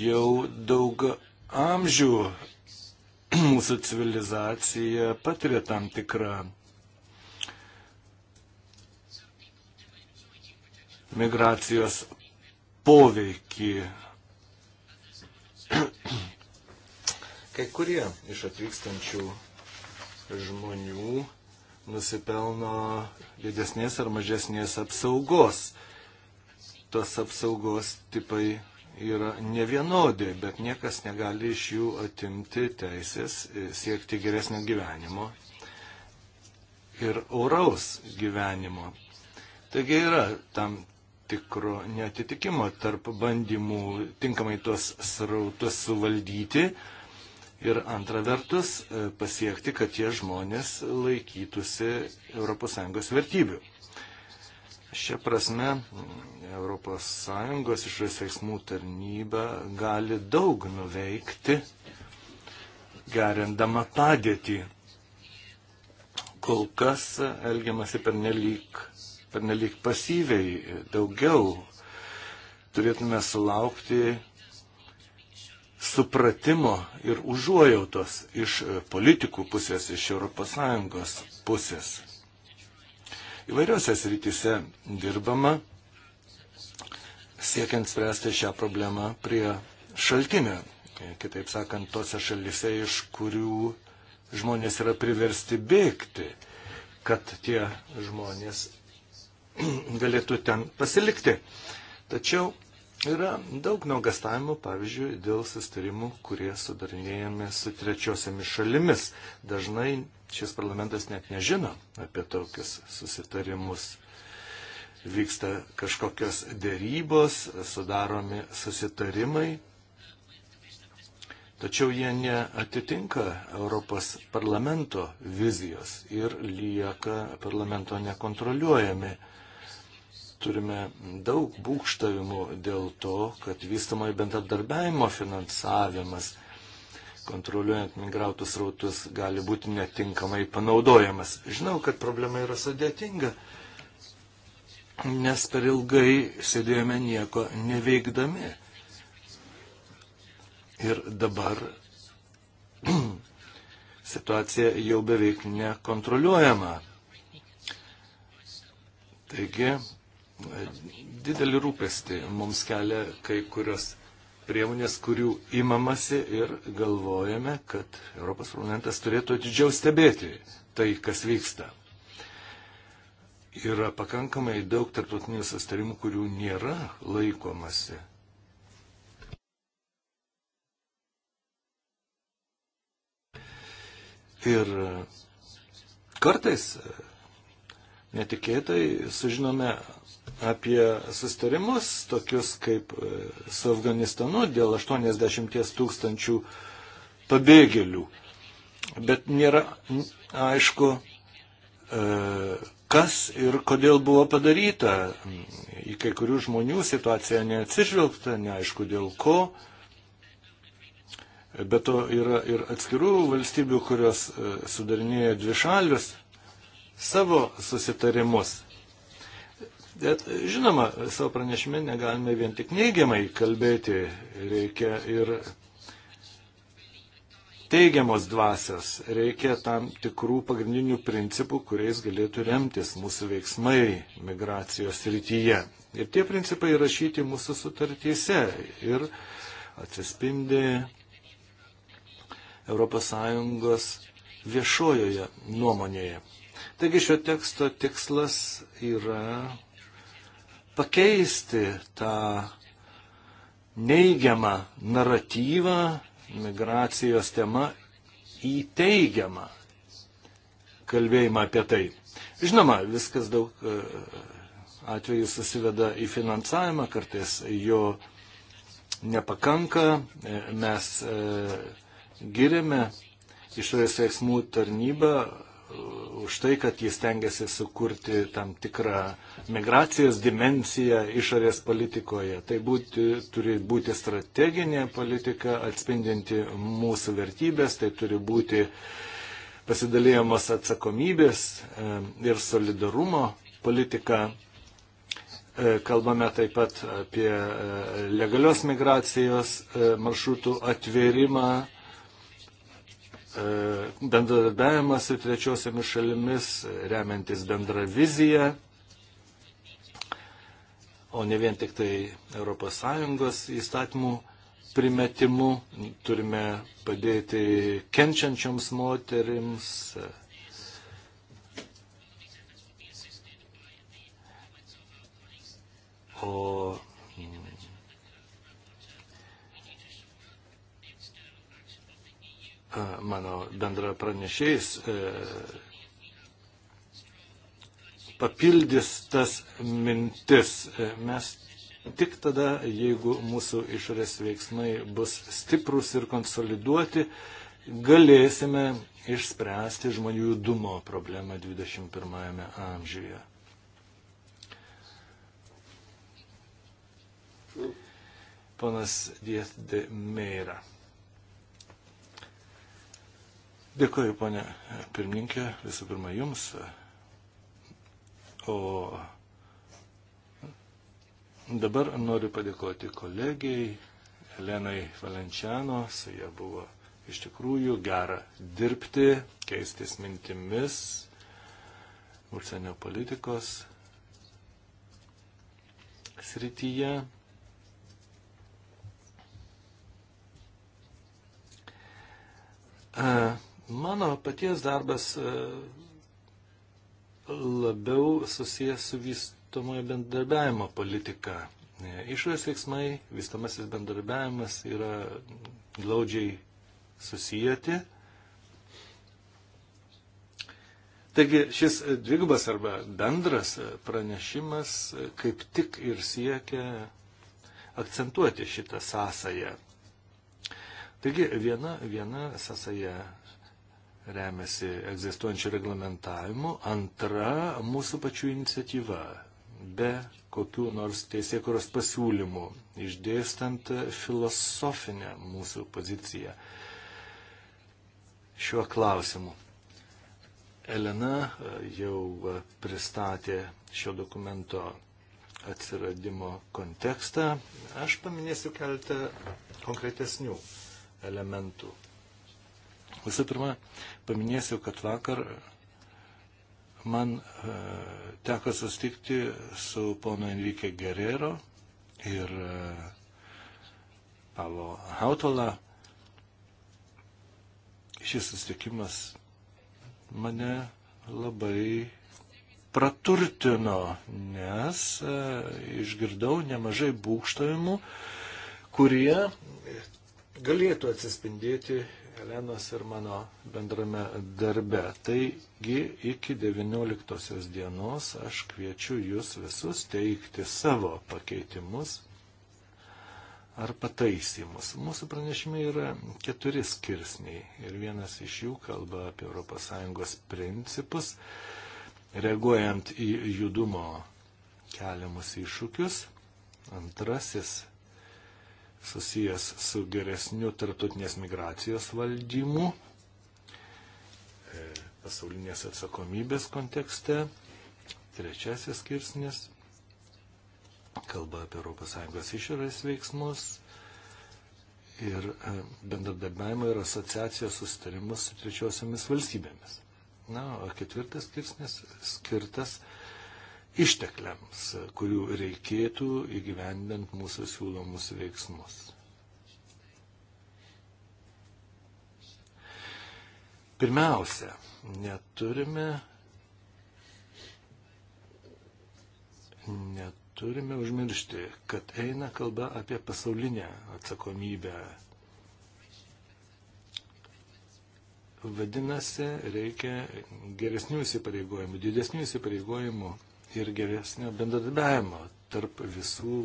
jau daug amžių mūsų civilizacija patiria tam tikrą migracijos poveikį. Kai kurie iš atvykstančių žmonių nusipelno didesnės ar mažesnės apsaugos. Tos apsaugos tipai yra nevienodi, bet niekas negali iš jų atimti teisės e, siekti geresnio gyvenimo ir oraus gyvenimo. Taigi yra tam tikro netitikimo tarp bandymų tinkamai tuos srautus suvaldyti ir antra vertus e, pasiekti, kad tie žmonės laikytųsi ES vertybių. Šia prasme ES išorės veiksmų tarnyba gali daug nuveikti, gerindama padėtį. Kol kas elgiamasi per nelik, per nelik pasyviai, daugiau turėtume sulaukti supratimo ir užuojautos iš politikų pusės, iš ES pusės. Įvairiose srityse dirbama, siekiant spręsti šią problemą prie šaltinio. Kitaip sakant, tose šalise, iš kurių žmonės yra priversti bėgti, kad tie žmonės galėtų ten pasilikti. Tačiau Yra daug nuogastavimų, pavyzdžiui, dėl sustarimų, kurie sudarinėjami su trečiosiamis šalimis. Dažnai šis parlamentas net nežino apie tokius susitarimus. Vyksta kažkokios dėrybos, sudaromi susitarimai, tačiau jie neatitinka Europos parlamento vizijos ir lieka parlamento nekontroliuojami turime daug būkštavimų dėl to, kad vystamojo bendradarbiavimo finansavimas kontroliuojant migrantus rautus gali būti netinkamai panaudojamas. Žinau, kad problema yra sudėtinga, nes per ilgai sėdėjome nieko neveikdami. Ir dabar situacija jau beveik nekontroliuojama. Taigi Didelį rūpestį mums kelia kai kurios priemonės, kurių imamasi ir galvojame, kad Europos parlamentas turėtų atidžiau stebėti tai, kas vyksta. Yra pakankamai daug tarptautinių sustarimų, kurių nėra laikomasi. Ir kartais netikėtai sužinome apie sustarimus, tokius kaip e, su Afganistanu dėl 80 tūkstančių pabėgėlių. Bet nėra aišku, e, kas ir kodėl buvo padaryta. Į kai kurių žmonių situacija neatsižvelgta, neaišku dėl ko. Bet to yra ir atskirų valstybių, kurios e, sudarinėja dvišalius savo susitarimus. Bet žinoma, savo pranešime negalime vien tik neigiamai kalbėti, reikia ir teigiamos dvasios, reikia tam tikrų pagrindinių principų, kuriais galėtų remtis mūsų veiksmai migracijos rytyje. Ir tie principai įrašyti mūsų sutartyse ir atsispindi ES viešojoje nuomonėje. Taigi šio teksto tikslas yra pakeisti tą neigiamą naratyvą migracijos tema į teigiamą kalbėjimą apie tai. Žinoma, viskas daug e, atveju susiveda į finansavimą, kartais jo nepakanka, e, mes e, giriame išorės veiksmų tarnybą Uh, už tai, kad jis tengiasi sukurti tam tikrą migracijos dimenciją išorės politikoje. Tai būti, turi būti strateginė politika atspindinti mūsų vertybės, tai turi būti pasidalėjimas atsakomybės um, ir solidarumo politika. Uh, kalbame taip pat apie uh, legalios migracijos maršrutų atvėrimą E, bendradarbiavimas su trečiosiamis šalimis, remiantis bendrą viziją, o ne vien tik tai ES įstatymų primetimu. Turime padėti kenčiančioms moterims. O mano bendra pranešėjais e, papildys tas mintis. E, mes tik tada, jeigu mūsų išorės veiksmai bus stiprus ir konsoliduoti, galėsime išspręsti žmonių judumo problemą 21 amžiuje. Ponas Dietde Meira. Dėkuoju, ponė pirmininkė, visų pirma jums. O dabar noriu padėkoti kolegijai Elenai Valenčiano, su ja buvo iš tikrųjų gera dirbti, keistis mintimis užsienio politikos srityje. A, Mano paties darbas e, labiau susijęs su vystomojo bendarbiavimo politika. E, išorės veiksmai, vystomasis bendarbiavimas yra glaudžiai susijęti. Taigi šis dvigubas arba bendras pranešimas e, kaip tik ir siekia akcentuoti šitą sąsają. Taigi viena, viena sąsaja remiasi egzistuojančių reglamentavimų, antra mūsų pačių iniciatyva, be kokių nors teisėkuros pasiūlymų, išdėstant filosofinę mūsų poziciją šiuo klausimu. Elena jau pristatė šio dokumento atsiradimo kontekstą. Aš paminėsiu keletą konkretesnių elementų Visų pirma, paminėsiu, kad vakar man e, teko sustikti su pono Enrique Guerrero ir e, Pavo Hautola. Šis sustikimas mane labai praturtino, nes e, išgirdau nemažai būkštavimų, kurie galėtų atsispindėti Elenos ir mano bendrame darbe. Taigi iki 19 dienos aš kviečiu jūs visus teikti savo pakeitimus ar pataisimus. Mūsų pranešime yra keturi skirsniai ir vienas iš jų kalba apie ES principus, reaguojant į judumo keliamus iššūkius. Antrasis susijęs su geresniu tartutinės migracijos valdymu e, pasaulinės atsakomybės kontekste. Trečiasis skirsnis kalba apie ES išorės veiksmus ir e, bendradarbiavimo ir asociacijos sustarimus su trečiosiamis valstybėmis. Na, o ketvirtas skirsnis skirtas ištekliams, kurių reikėtų įgyvendant mūsų siūlomus veiksmus. Pirmiausia, neturime, neturime užmiršti, kad eina kalba apie pasaulinę atsakomybę. Vadinasi, reikia geresnių įsipareigojimų, didesnių įsipareigojimų ir geresnio bendradarbiavimo tarp visų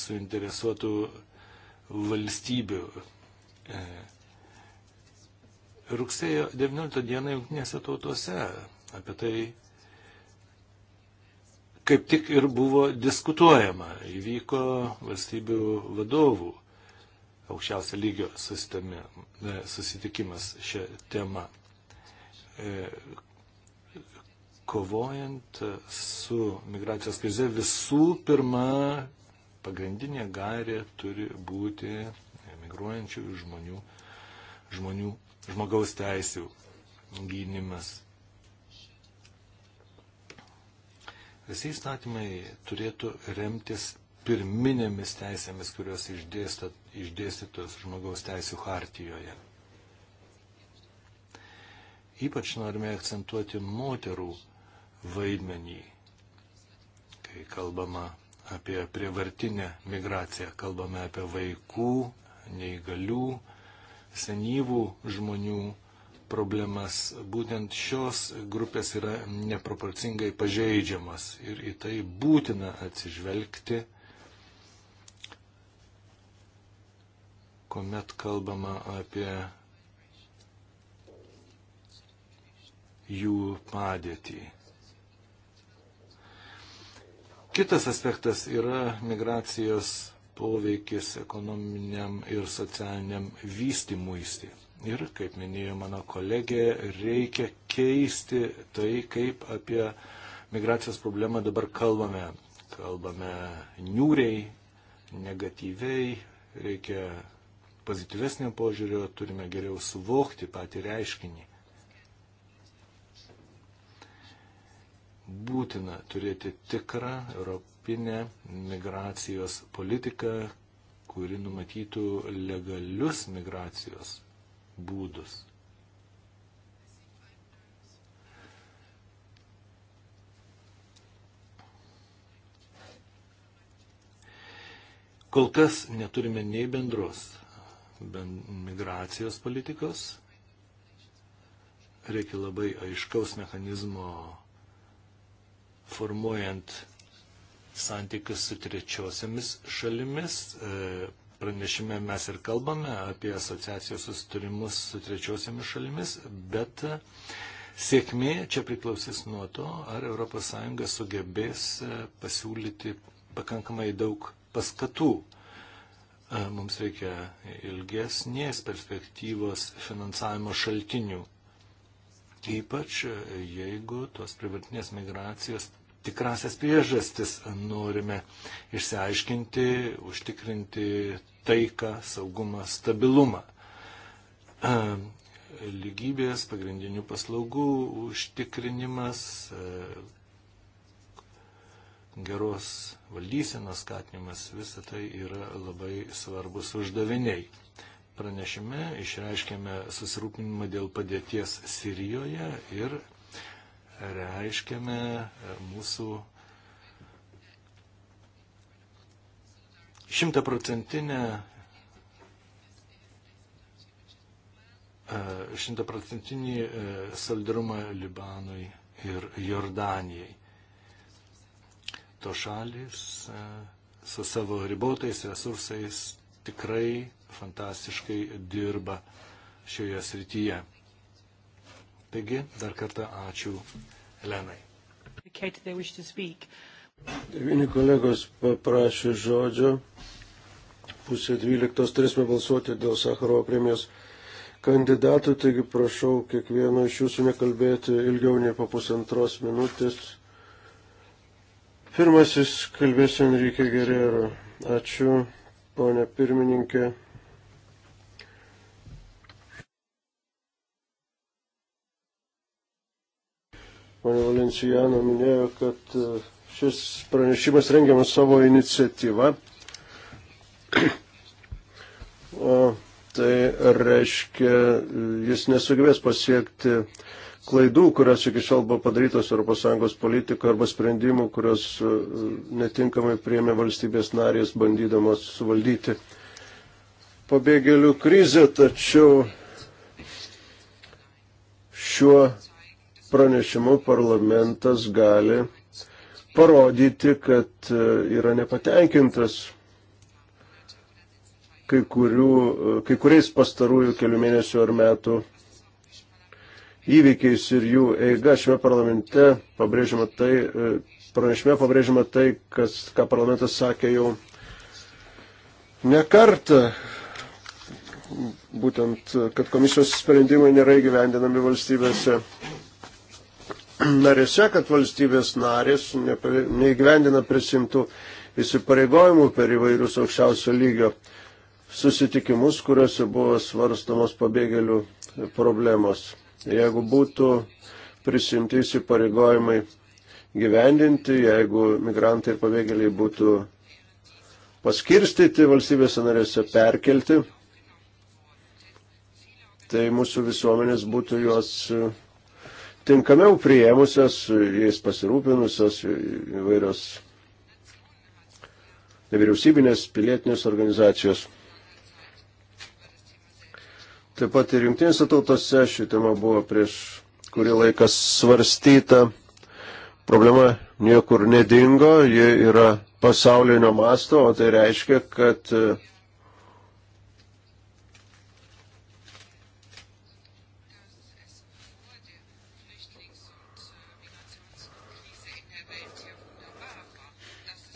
suinteresuotų valstybių. E, rugsėjo 19 dieną jungtinėse tautose apie tai kaip tik ir buvo diskutuojama. Įvyko valstybių vadovų aukščiausio lygio susitame, susitikimas šią temą. E, kovojant su migracijos krize visų pirma pagrindinė gairė turi būti emigruojančių žmonių, žmonių žmogaus teisų gynimas. Visi įstatymai turėtų remtis pirminėmis teisėmis, kurios išdėstytos žmogaus teisų hartijoje. Ypač norime akcentuoti moterų vaidmenį, kai kalbama apie prievartinę migraciją, kalbame apie vaikų, neįgalių, senyvų žmonių problemas. Būtent šios grupės yra neproporcingai pažeidžiamas ir į tai būtina atsižvelgti, kuomet kalbama apie jų padėtį. Kitas aspektas yra migracijos poveikis ekonominiam ir socialiniam vystimuisti. Ir, kaip minėjo mano kolegė, reikia keisti tai, kaip apie migracijos problemą dabar kalbame. Kalbame niūriai, negatyviai, reikia pozityvesnio požiūrio, turime geriau suvokti patį reiškinį. būtina turėti tikrą europinę migracijos politiką, kuri numatytų legalius migracijos būdus. Kol kas neturime nei bendros ben migracijos politikos, reikia labai aiškaus mechanizmo formuojant santykius su trečiosiamis šalimis. E, pranešime mes ir kalbame apie asociacijos sustarimus su trečiosiamis šalimis, bet sėkmė čia priklausys nuo to, ar ES sugebės e, pasiūlyti pakankamai daug paskatų e, mums reikia ilgesnės perspektyvos finansavimo šaltinių. Ypač jeigu tos privatinės migracijos tikrasias priežastis norime išsiaiškinti, užtikrinti taiką, saugumą, stabilumą. E, lygybės pagrindinių paslaugų užtikrinimas, e, geros valdysenos skatinimas, visa tai yra labai svarbus uždaviniai. Pranešime išreiškėme susirūpinimą dėl padėties Sirijoje ir reiškiame mūsų šimtaprocentinę e, šimtaprocentinį e, solidarumą Libanui ir Jordanijai. To šalis e, su savo ribotais resursais tikrai fantastiškai dirba šioje srityje. Taigi, dar kartą ačiū Elenai. Vieni kolegos paprašė žodžio. Pusė dvyliktos turėsime balsuoti dėl Sakarovo premijos kandidatų, taigi prašau kiekvieno iš jūsų nekalbėti ilgiau nei po pusantros minutės. Pirmasis kalbės Enrique Gerero. Ačiū, ponė pirmininkė. Pane Valencijano minėjo, kad e, šis pranešimas rengiamas savo iniciatyvą. O tai reiškia, jis nesugebės pasiekti klaidų, kurios iki šiol buvo padarytos ES politikoje arba sprendimų, kurios e, netinkamai priemė valstybės narės bandydamos suvaldyti pabėgėlių krizę, tačiau šiuo pranešimu parlamentas gali parodyti, kad e, yra nepatenkintas kai, kurių, e, kai kuriais pastarųjų kelių mėnesių ar metų įvykiais ir jų eiga šiame parlamente pabrėžiama tai, e, pranešime pabrėžiama tai, kas, ką parlamentas sakė jau ne kartą, būtent, kad komisijos sprendimai nėra įgyvendinami valstybėse narėse, kad valstybės narės neįgyvendina prisimtų įsipareigojimų per įvairius aukščiausio lygio susitikimus, kuriuose buvo svarstamos pabėgėlių problemos. Jeigu būtų prisimti įsipareigojimai gyvendinti, jeigu migrantai ir pabėgėliai būtų paskirstyti valstybės narėse perkelti, tai mūsų visuomenės būtų juos tinkamiau priėmusios, jais pasirūpinusios įvairios nevyriausybinės pilietinės organizacijos. Taip pat ir jungtinėse tautose ši tema buvo prieš kurį laiką svarstyta. Problema niekur nedingo, ji yra pasaulinio masto, o tai reiškia, kad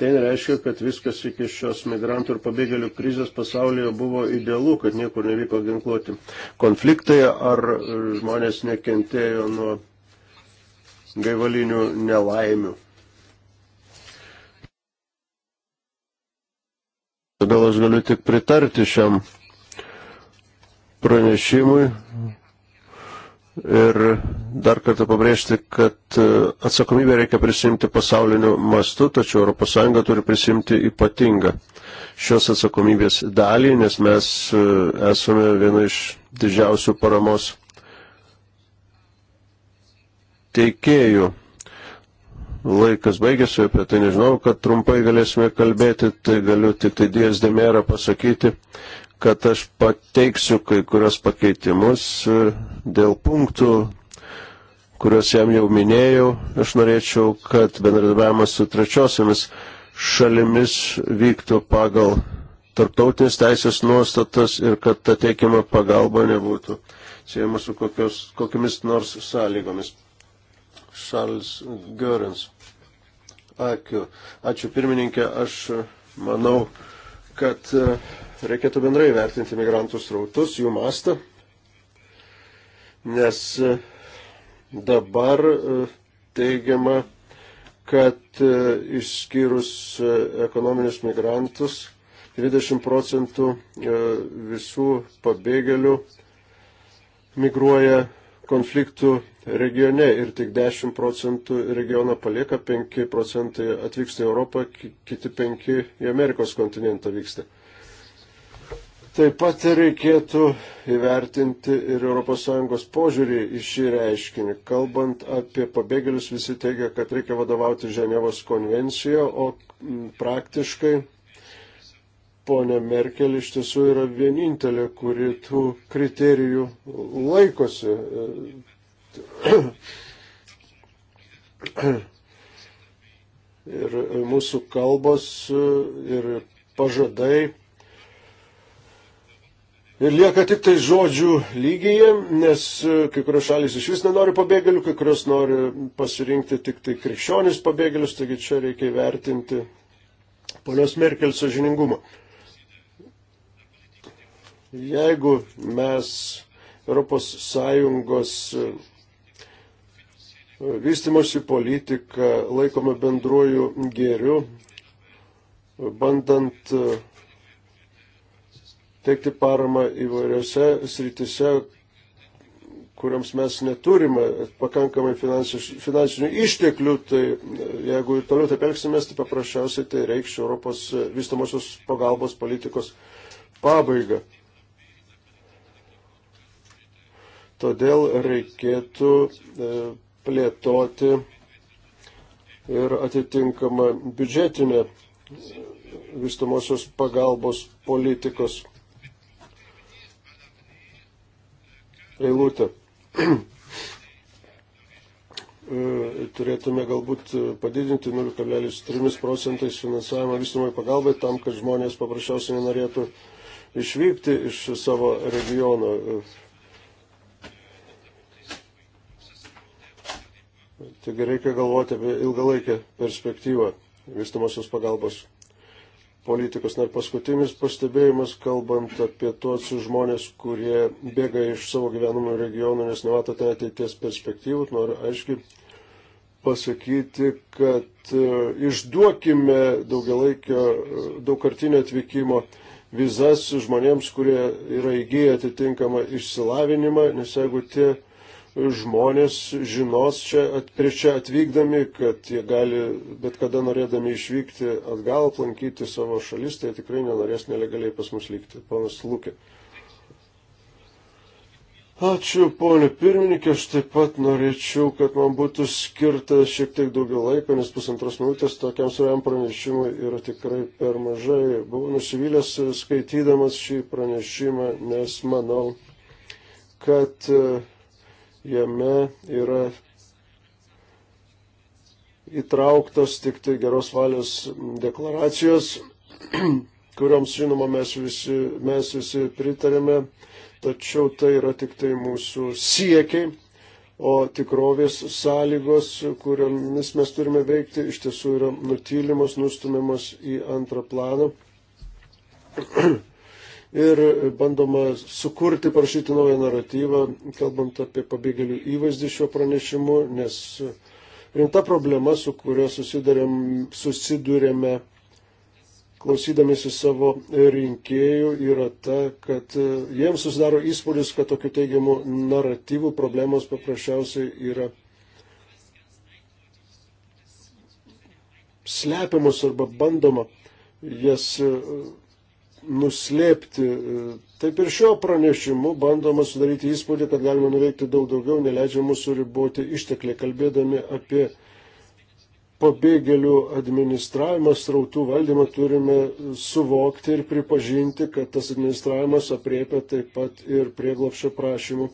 Tai reiškia, kad viskas iki šios migrantų ir pabėgėlių krizės pasaulyje buvo idealu, kad niekur nevyko ginkluoti konfliktai ar žmonės nekentėjo nuo gaivalinių nelaimių. Todėl aš galiu tik pritarti šiam pranešimui Ir dar kartą pabrėžti, kad e, atsakomybę reikia prisimti pasauliniu mastu, tačiau ES turi prisimti ypatingą šios atsakomybės dalį, nes mes e, esame viena iš didžiausių paramos teikėjų. Laikas baigėsi, apie tai nežinau, kad trumpai galėsime kalbėti, tai galiu tik tai dėjas demėra pasakyti, kad aš pateiksiu kai kurios pakeitimus e, dėl punktų, kuriuos jam jau minėjau. Aš norėčiau, kad bendradarbiavimas su trečiosiamis šalimis vyktų pagal tarptautinės teisės nuostatas ir kad ta teikiama pagalba nebūtų siejama su kokios, kokiamis nors sąlygomis. Šalis Görins. Ačiū. Ačiū pirmininkė. Aš manau, kad uh, reikėtų bendrai vertinti migrantų srautus, jų mastą, nes e, dabar e, teigiama, kad e, išskyrus ekonominius migrantus 20 procentų visų pabėgėlių migruoja konfliktų regione ir tik 10 procentų regioną palieka, 5 procentai atvyksta į Europą, kiti 5 į Amerikos kontinentą vyksta. Taip pat reikėtų įvertinti ir ES požiūrį į šį reiškinį. Kalbant apie pabėgėlius, visi teigia, kad reikia vadovauti Ženevos konvenciją, o praktiškai ponė Merkel iš tiesų yra vienintelė, kuri tų kriterijų laikosi. Ir mūsų kalbos ir pažadai Ir lieka tik tai žodžių lygyje, nes e, kai kurios šalis iš vis nenori pabėgėlių, kai kurios nori pasirinkti tik tai krikščionis pabėgėlius, taigi čia reikia įvertinti ponios Merkel sažiningumą. Jeigu mes ES e, vystimosi politiką laikome bendruoju gėriu, bandant e, teikti paramą įvairiose sritise, kuriams mes neturime pakankamai finansinių išteklių, tai jeigu toliau taip elgsimės, tai paprasčiausiai tai reikš Europos vystamosios pagalbos politikos pabaigą. Todėl reikėtų e, plėtoti ir atitinkamą biudžetinę vystamosios pagalbos politikos eilutę. E, turėtume galbūt padidinti 0,3 procentais finansavimą visumai pagalbai tam, kad žmonės paprasčiausiai nenorėtų išvykti iš savo regiono. E, taigi reikia galvoti apie ilgalaikę perspektyvą vystamosios pagalbos politikos. Na ir paskutinis pastebėjimas, kalbant apie tuos žmonės, kurie bėga iš savo gyvenamų regionų, nes nemato ten ateities perspektyvų, noriu aiškiai pasakyti, kad e, išduokime daugialaikio, e, daugkartinio atvykimo vizas žmonėms, kurie yra įgyję atitinkamą išsilavinimą, nes jeigu tie žmonės žinos čia, prieš čia atvykdami, kad jie gali bet kada norėdami išvykti atgal, aplankyti savo šalis, tai tikrai nenorės nelegaliai pas mus likti. Panas Lūkė. Ačiū, ponė pirmininkė, aš taip pat norėčiau, kad man būtų skirta šiek tiek daugiau laiko, nes pusantros minutės tokiam saviam pranešimui yra tikrai per mažai. Buvau nusivylęs skaitydamas šį pranešimą, nes manau, kad uh, Jame yra įtrauktos tik tai geros valios deklaracijos, kurioms, žinoma, mes visi, mes visi pritarėme, tačiau tai yra tik tai mūsų siekiai, o tikrovės sąlygos, kuriomis mes turime veikti, iš tiesų yra nutylimos, nustumiamos į antrą planą. ir bandoma sukurti, parašyti naują naratyvą, kalbant apie pabėgėlių įvaizdį šiuo pranešimu, nes rimta problema, su kuria susidurėme klausydamėsi savo rinkėjų, yra ta, kad jiems susidaro įspūdis, kad tokių teigiamų naratyvų problemos paprasčiausiai yra slepiamos arba bandoma jas nuslėpti. Taip ir šio pranešimu bandoma sudaryti įspūdį, kad galima nuveikti daug daugiau, neleidžia mūsų riboti ištekliai, kalbėdami apie pabėgėlių administravimą, srautų valdymą turime suvokti ir pripažinti, kad tas administravimas apriepia taip pat ir prieglopšio prašymų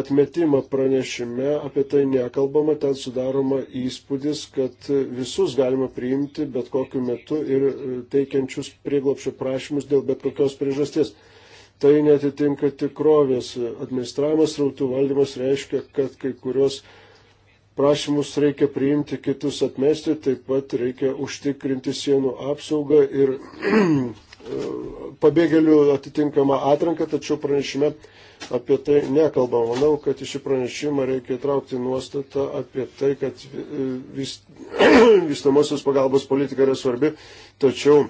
atmetimą pranešime, apie tai nekalbama, ten sudaroma įspūdis, kad visus galima priimti bet kokiu metu ir teikiančius prieglopšio prašymus dėl bet kokios priežasties. Tai netitinka tikrovės. Administravimas, srautų valdymas reiškia, kad kai kurios prašymus reikia priimti, kitus atmesti, taip pat reikia užtikrinti sienų apsaugą ir pabėgėlių atitinkamą atranką, tačiau pranešime apie tai nekalbam. Manau, kad į šį pranešimą reikia įtraukti nuostatą apie tai, kad vis, vystamosios pagalbos politika yra svarbi, tačiau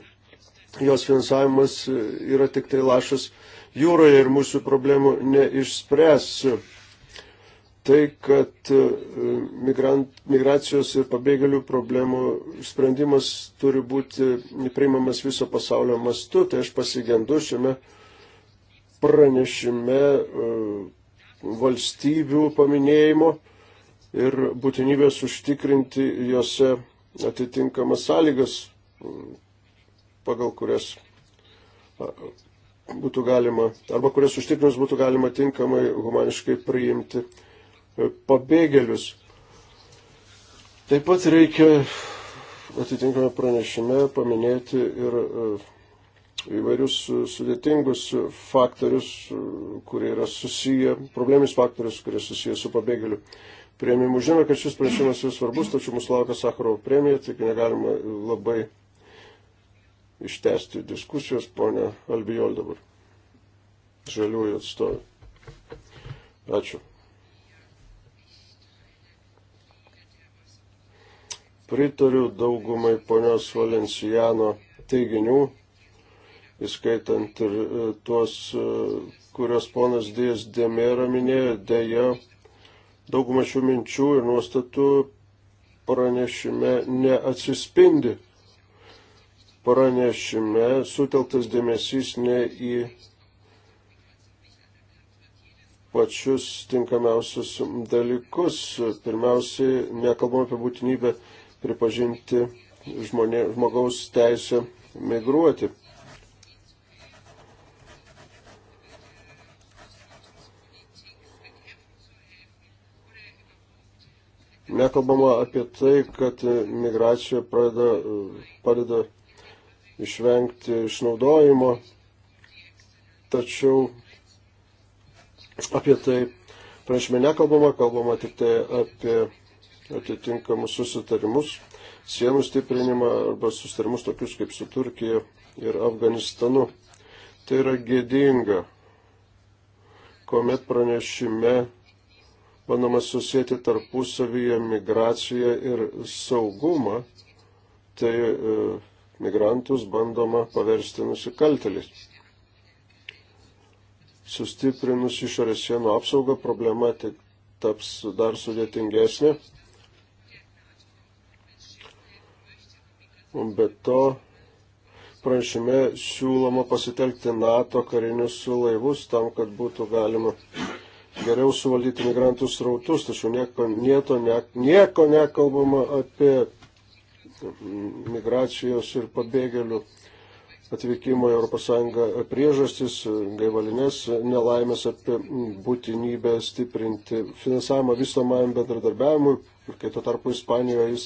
jos finansavimas yra tik tai lašas jūroje ir mūsų problemų neišspręsiu tai, kad e, migrant, migracijos ir pabėgėlių problemų sprendimas turi būti priimamas viso pasaulio mastu, tai aš pasigendu šiame pranešime e, valstybių paminėjimo ir būtinybės užtikrinti juose atitinkamas sąlygas, e, pagal kurias būtų galima, arba kurias užtikrinus būtų galima tinkamai humaniškai priimti pabėgėlius. Taip pat reikia atitinkamai pranešime paminėti ir e, įvairius sudėtingus faktorius, e, kurie yra susiję, probleminis faktorius, kurie susiję su pabėgėliu prieimimu. Žinoma, kad šis pranešimas yra svarbus, tačiau mūsų laukia Sakarovo premija, tik negalima labai ištesti diskusijos, ponia Albijol dabar, žaliųjų atstovė. Ačiū. Pritariu daugumai ponios Valencijano teiginių, įskaitant ir e, tuos, e, kurios ponas Dijas Demėra minėjo, dėja, daugumą šių minčių ir nuostatų pranešime neatsispindi. Pranešime sutelktas dėmesys ne į pačius tinkamiausius dalykus. Pirmiausiai, nekalbam apie būtinybę pripažinti žmonė, žmogaus teisę migruoti. Nekalbama apie tai, kad migracija pradeda, padeda išvengti išnaudojimo, tačiau apie tai pranešime nekalbama, kalbama tik tai apie atitinkamus susitarimus, sienų stiprinimą arba susitarimus tokius kaip su Turkija ir Afganistanu. Tai yra gėdinga, kuomet pranešime bandoma susijęti tarpusavyje migraciją ir saugumą, tai e, migrantus bandoma paversti nusikalteliais. Sustiprinus išorės sienų apsaugą problema tik taps dar sudėtingesnė. Be to, pranešime siūloma pasitelkti NATO karinius laivus tam, kad būtų galima geriau suvaldyti migrantų srautus, tačiau nieko, nieto, ne, nieko nekalbama apie migracijos ir pabėgėlių atvykimo į ES priežastis, gaivalinės nelaimės apie būtinybę stiprinti finansavimą visomajam bendradarbiavimui, kai tuo tarpu Ispanijoje jis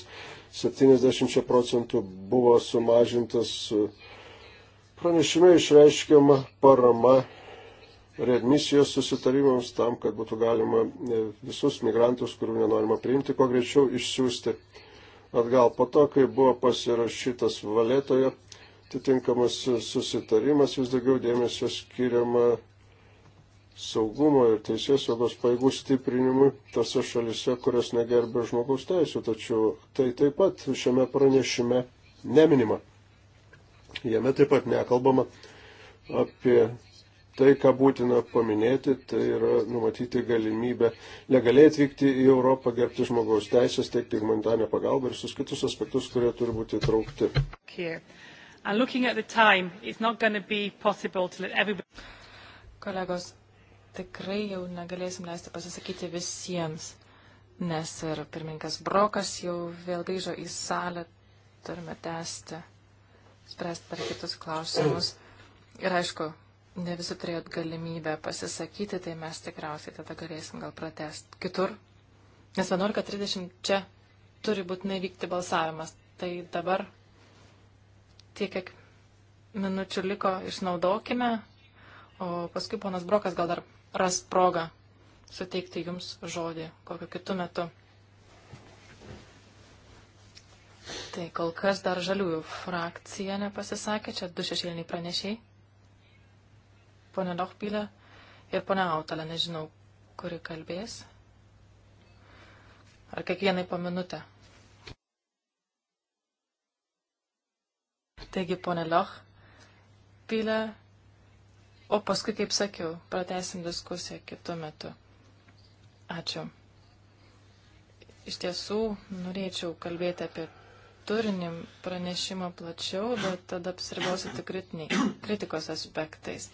70 procentų buvo sumažintas. Pranešime išreiškiama parama readmisijos susitarimams tam, kad būtų galima visus migrantus, kurių nenorima priimti, kuo greičiau išsiųsti atgal. Po to, kai buvo pasirašytas valetoje atitinkamas susitarimas, vis daugiau dėmesio skiriama saugumo ir teisės saugos paėgų stiprinimui tose šalise, kurios negerbė žmogaus teisų, tačiau tai taip pat šiame pranešime neminima. Jame taip pat nekalbama apie tai, ką būtina paminėti, tai yra numatyti galimybę legaliai atvykti į Europą, gerbti žmogaus teisės, teikti humanitarinę pagalbą ir visus kitus aspektus, kurie turi būti įtraukti. Here. And looking at the time, it's not going to be possible to let everybody... Kolegos, tikrai jau negalėsim leisti pasisakyti visiems, nes ir pirmininkas Brokas jau vėl grįžo į salę, turime tęsti, spręsti per kitus klausimus. Ir aišku, ne visi turėjot galimybę pasisakyti, tai mes tikriausiai tada galėsim gal pratesti kitur. Nes 11.30 čia turi būtinai vykti balsavimas. Tai dabar tiek, kiek minučių liko, išnaudokime, o paskui ponas Brokas gal dar ras progą suteikti jums žodį kokiu kitu metu. Tai kol kas dar žaliųjų frakcija nepasisakė, čia du šešėliniai pranešiai. Pone Lochpylė ir pone Autalė, nežinau, kuri kalbės. Ar kiekvienai po minutę? Taigi, ponė Loch, pylė, o paskui, kaip sakiau, pratesim diskusiją kitu metu. Ačiū. Iš tiesų, norėčiau kalbėti apie turinį pranešimą plačiau, bet tada apsiribosiu tik kritikos aspektais.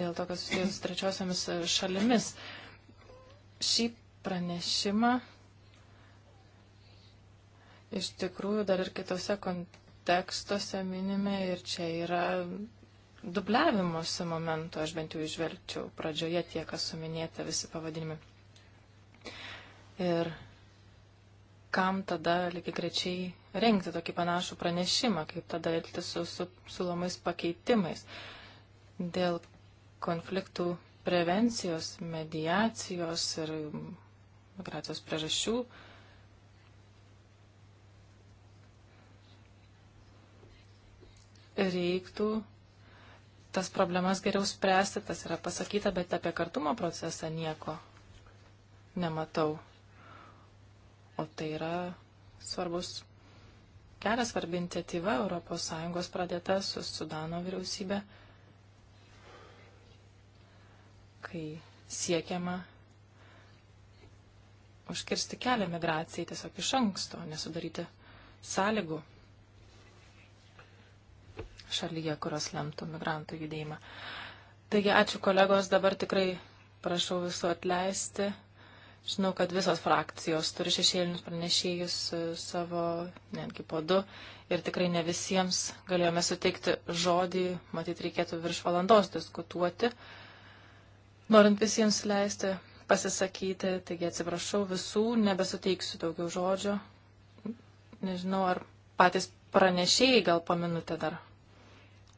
Dėl to, kas susijęs su trečiosiamis šalimis. Šį pranešimą iš tikrųjų dar ir kitose kontekstuose tekstuose minime ir čia yra dubliavimuose momento, aš bent jau išvelgčiau pradžioje tie, kas suminėta visi pavadinimai. Ir kam tada lygiai grečiai rengti tokį panašų pranešimą, kaip tada elgtis su, su sulomais pakeitimais dėl konfliktų prevencijos, mediacijos ir migracijos priežasčių reiktų tas problemas geriau spręsti, tas yra pasakyta, bet apie kartumo procesą nieko nematau. O tai yra svarbus kelias, svarbi iniciatyva ES pradėta su Sudano vyriausybė, kai siekiama užkirsti kelią migracijai tiesiog iš anksto, nesudaryti sąlygų šalyje, kurios lemtų migrantų judėjimą. Taigi, ačiū kolegos, dabar tikrai prašau visų atleisti. Žinau, kad visos frakcijos turi šešėlinius pranešėjus e, savo, netgi po du, ir tikrai ne visiems galėjome suteikti žodį, matyt, reikėtų virš valandos diskutuoti, norint visiems leisti pasisakyti, taigi atsiprašau visų, nebesuteiksiu daugiau žodžio. Nežinau, ar patys pranešėjai gal po minutę dar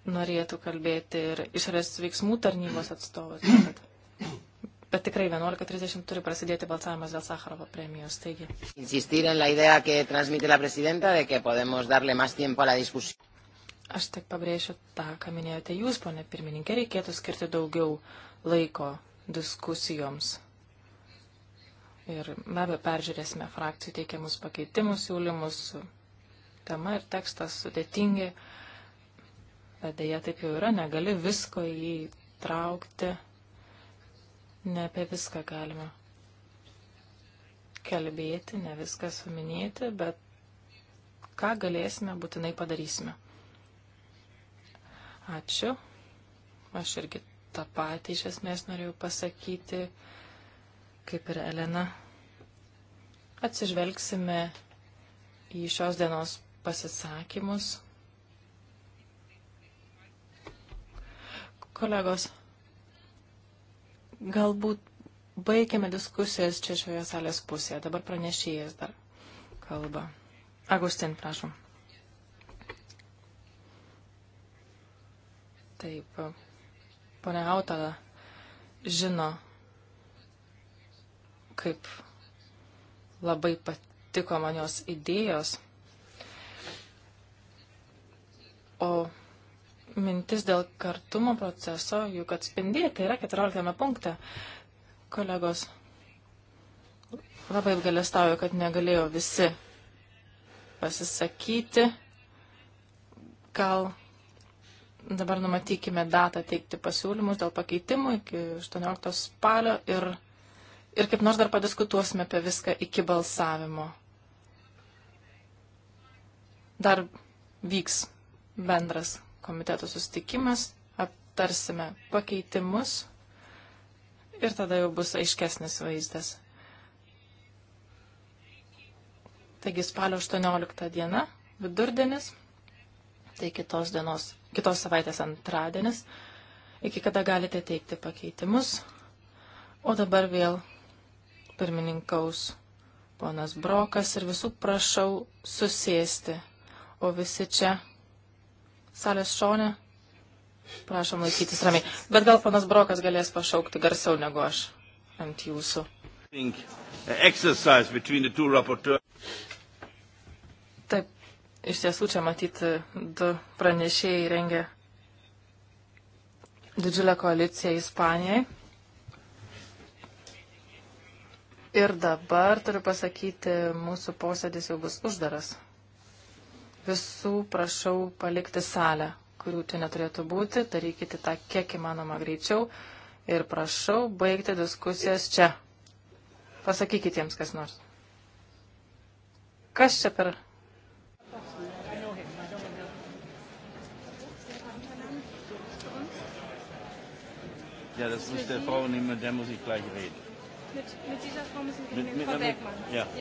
norėtų kalbėti ir išorės veiksmų tarnybos atstovas. Bet, bet tikrai 11.30 turi prasidėti balsavimas dėl Sakharovo premijos. Taigi. Insistir en la idea que transmite la presidenta de que podemos darle más tiempo a la discusión. Aš tik pabrėšiu tą, ką minėjote jūs, ponė pirmininkė, reikėtų skirti daugiau laiko diskusijoms. Ir be abejo, peržiūrėsime frakcijų teikiamus pakeitimus, siūlymus. Tema ir tekstas sudėtingi. Uh, bet dėja taip jau yra, negali visko įtraukti, ne apie viską galima kalbėti, ne viską suminėti, bet ką galėsime, būtinai padarysime. Ačiū. Aš irgi tą patį iš esmės norėjau pasakyti, kaip ir Elena. Atsižvelgsime į šios dienos pasisakymus Kolegos, galbūt baigėme diskusijas čia šioje salės pusėje. Dabar pranešėjas dar kalba. Agustin, prašom. Taip, ponia Autala žino, kaip labai patiko man jos idėjos. O mintis dėl kartumo proceso juk atspindėti yra 14 punkte. Kolegos, labai apgalėstauju, kad negalėjo visi pasisakyti. Gal dabar numatykime datą teikti pasiūlymus dėl pakeitimų iki 18 spalio ir, ir kaip nors dar padiskutuosime apie viską iki balsavimo. Dar vyks bendras komiteto susitikimas, aptarsime pakeitimus ir tada jau bus aiškesnis vaizdas. Taigi spalio 18 diena, vidurdienis, tai kitos, dienos, kitos savaitės antradienis, iki kada galite teikti pakeitimus. O dabar vėl pirmininkaus ponas Brokas ir visų prašau susėsti, o visi čia salės šone. Prašom laikytis ramiai. Bet gal panas Brokas galės pašaukti garsiau negu aš ant jūsų. Uh, Taip, iš tiesų čia matyti uh, du pranešėjai rengia didžiulę koaliciją Ispanijai. Ir dabar, turiu pasakyti, mūsų posėdis jau bus uždaras. Visų prašau palikti salę, kurių čia neturėtų būti. Darykite tą kiek įmanoma greičiau. Ir prašau baigti diskusijas čia. Pasakykite jiems kas nors. Kas čia per Ja, das muss der Frau nehmen, mit der muss ich gleich reden. Mit, mit dieser Frau müssen wir reden, mit, mit, Frau Bergmann. Mit, ja.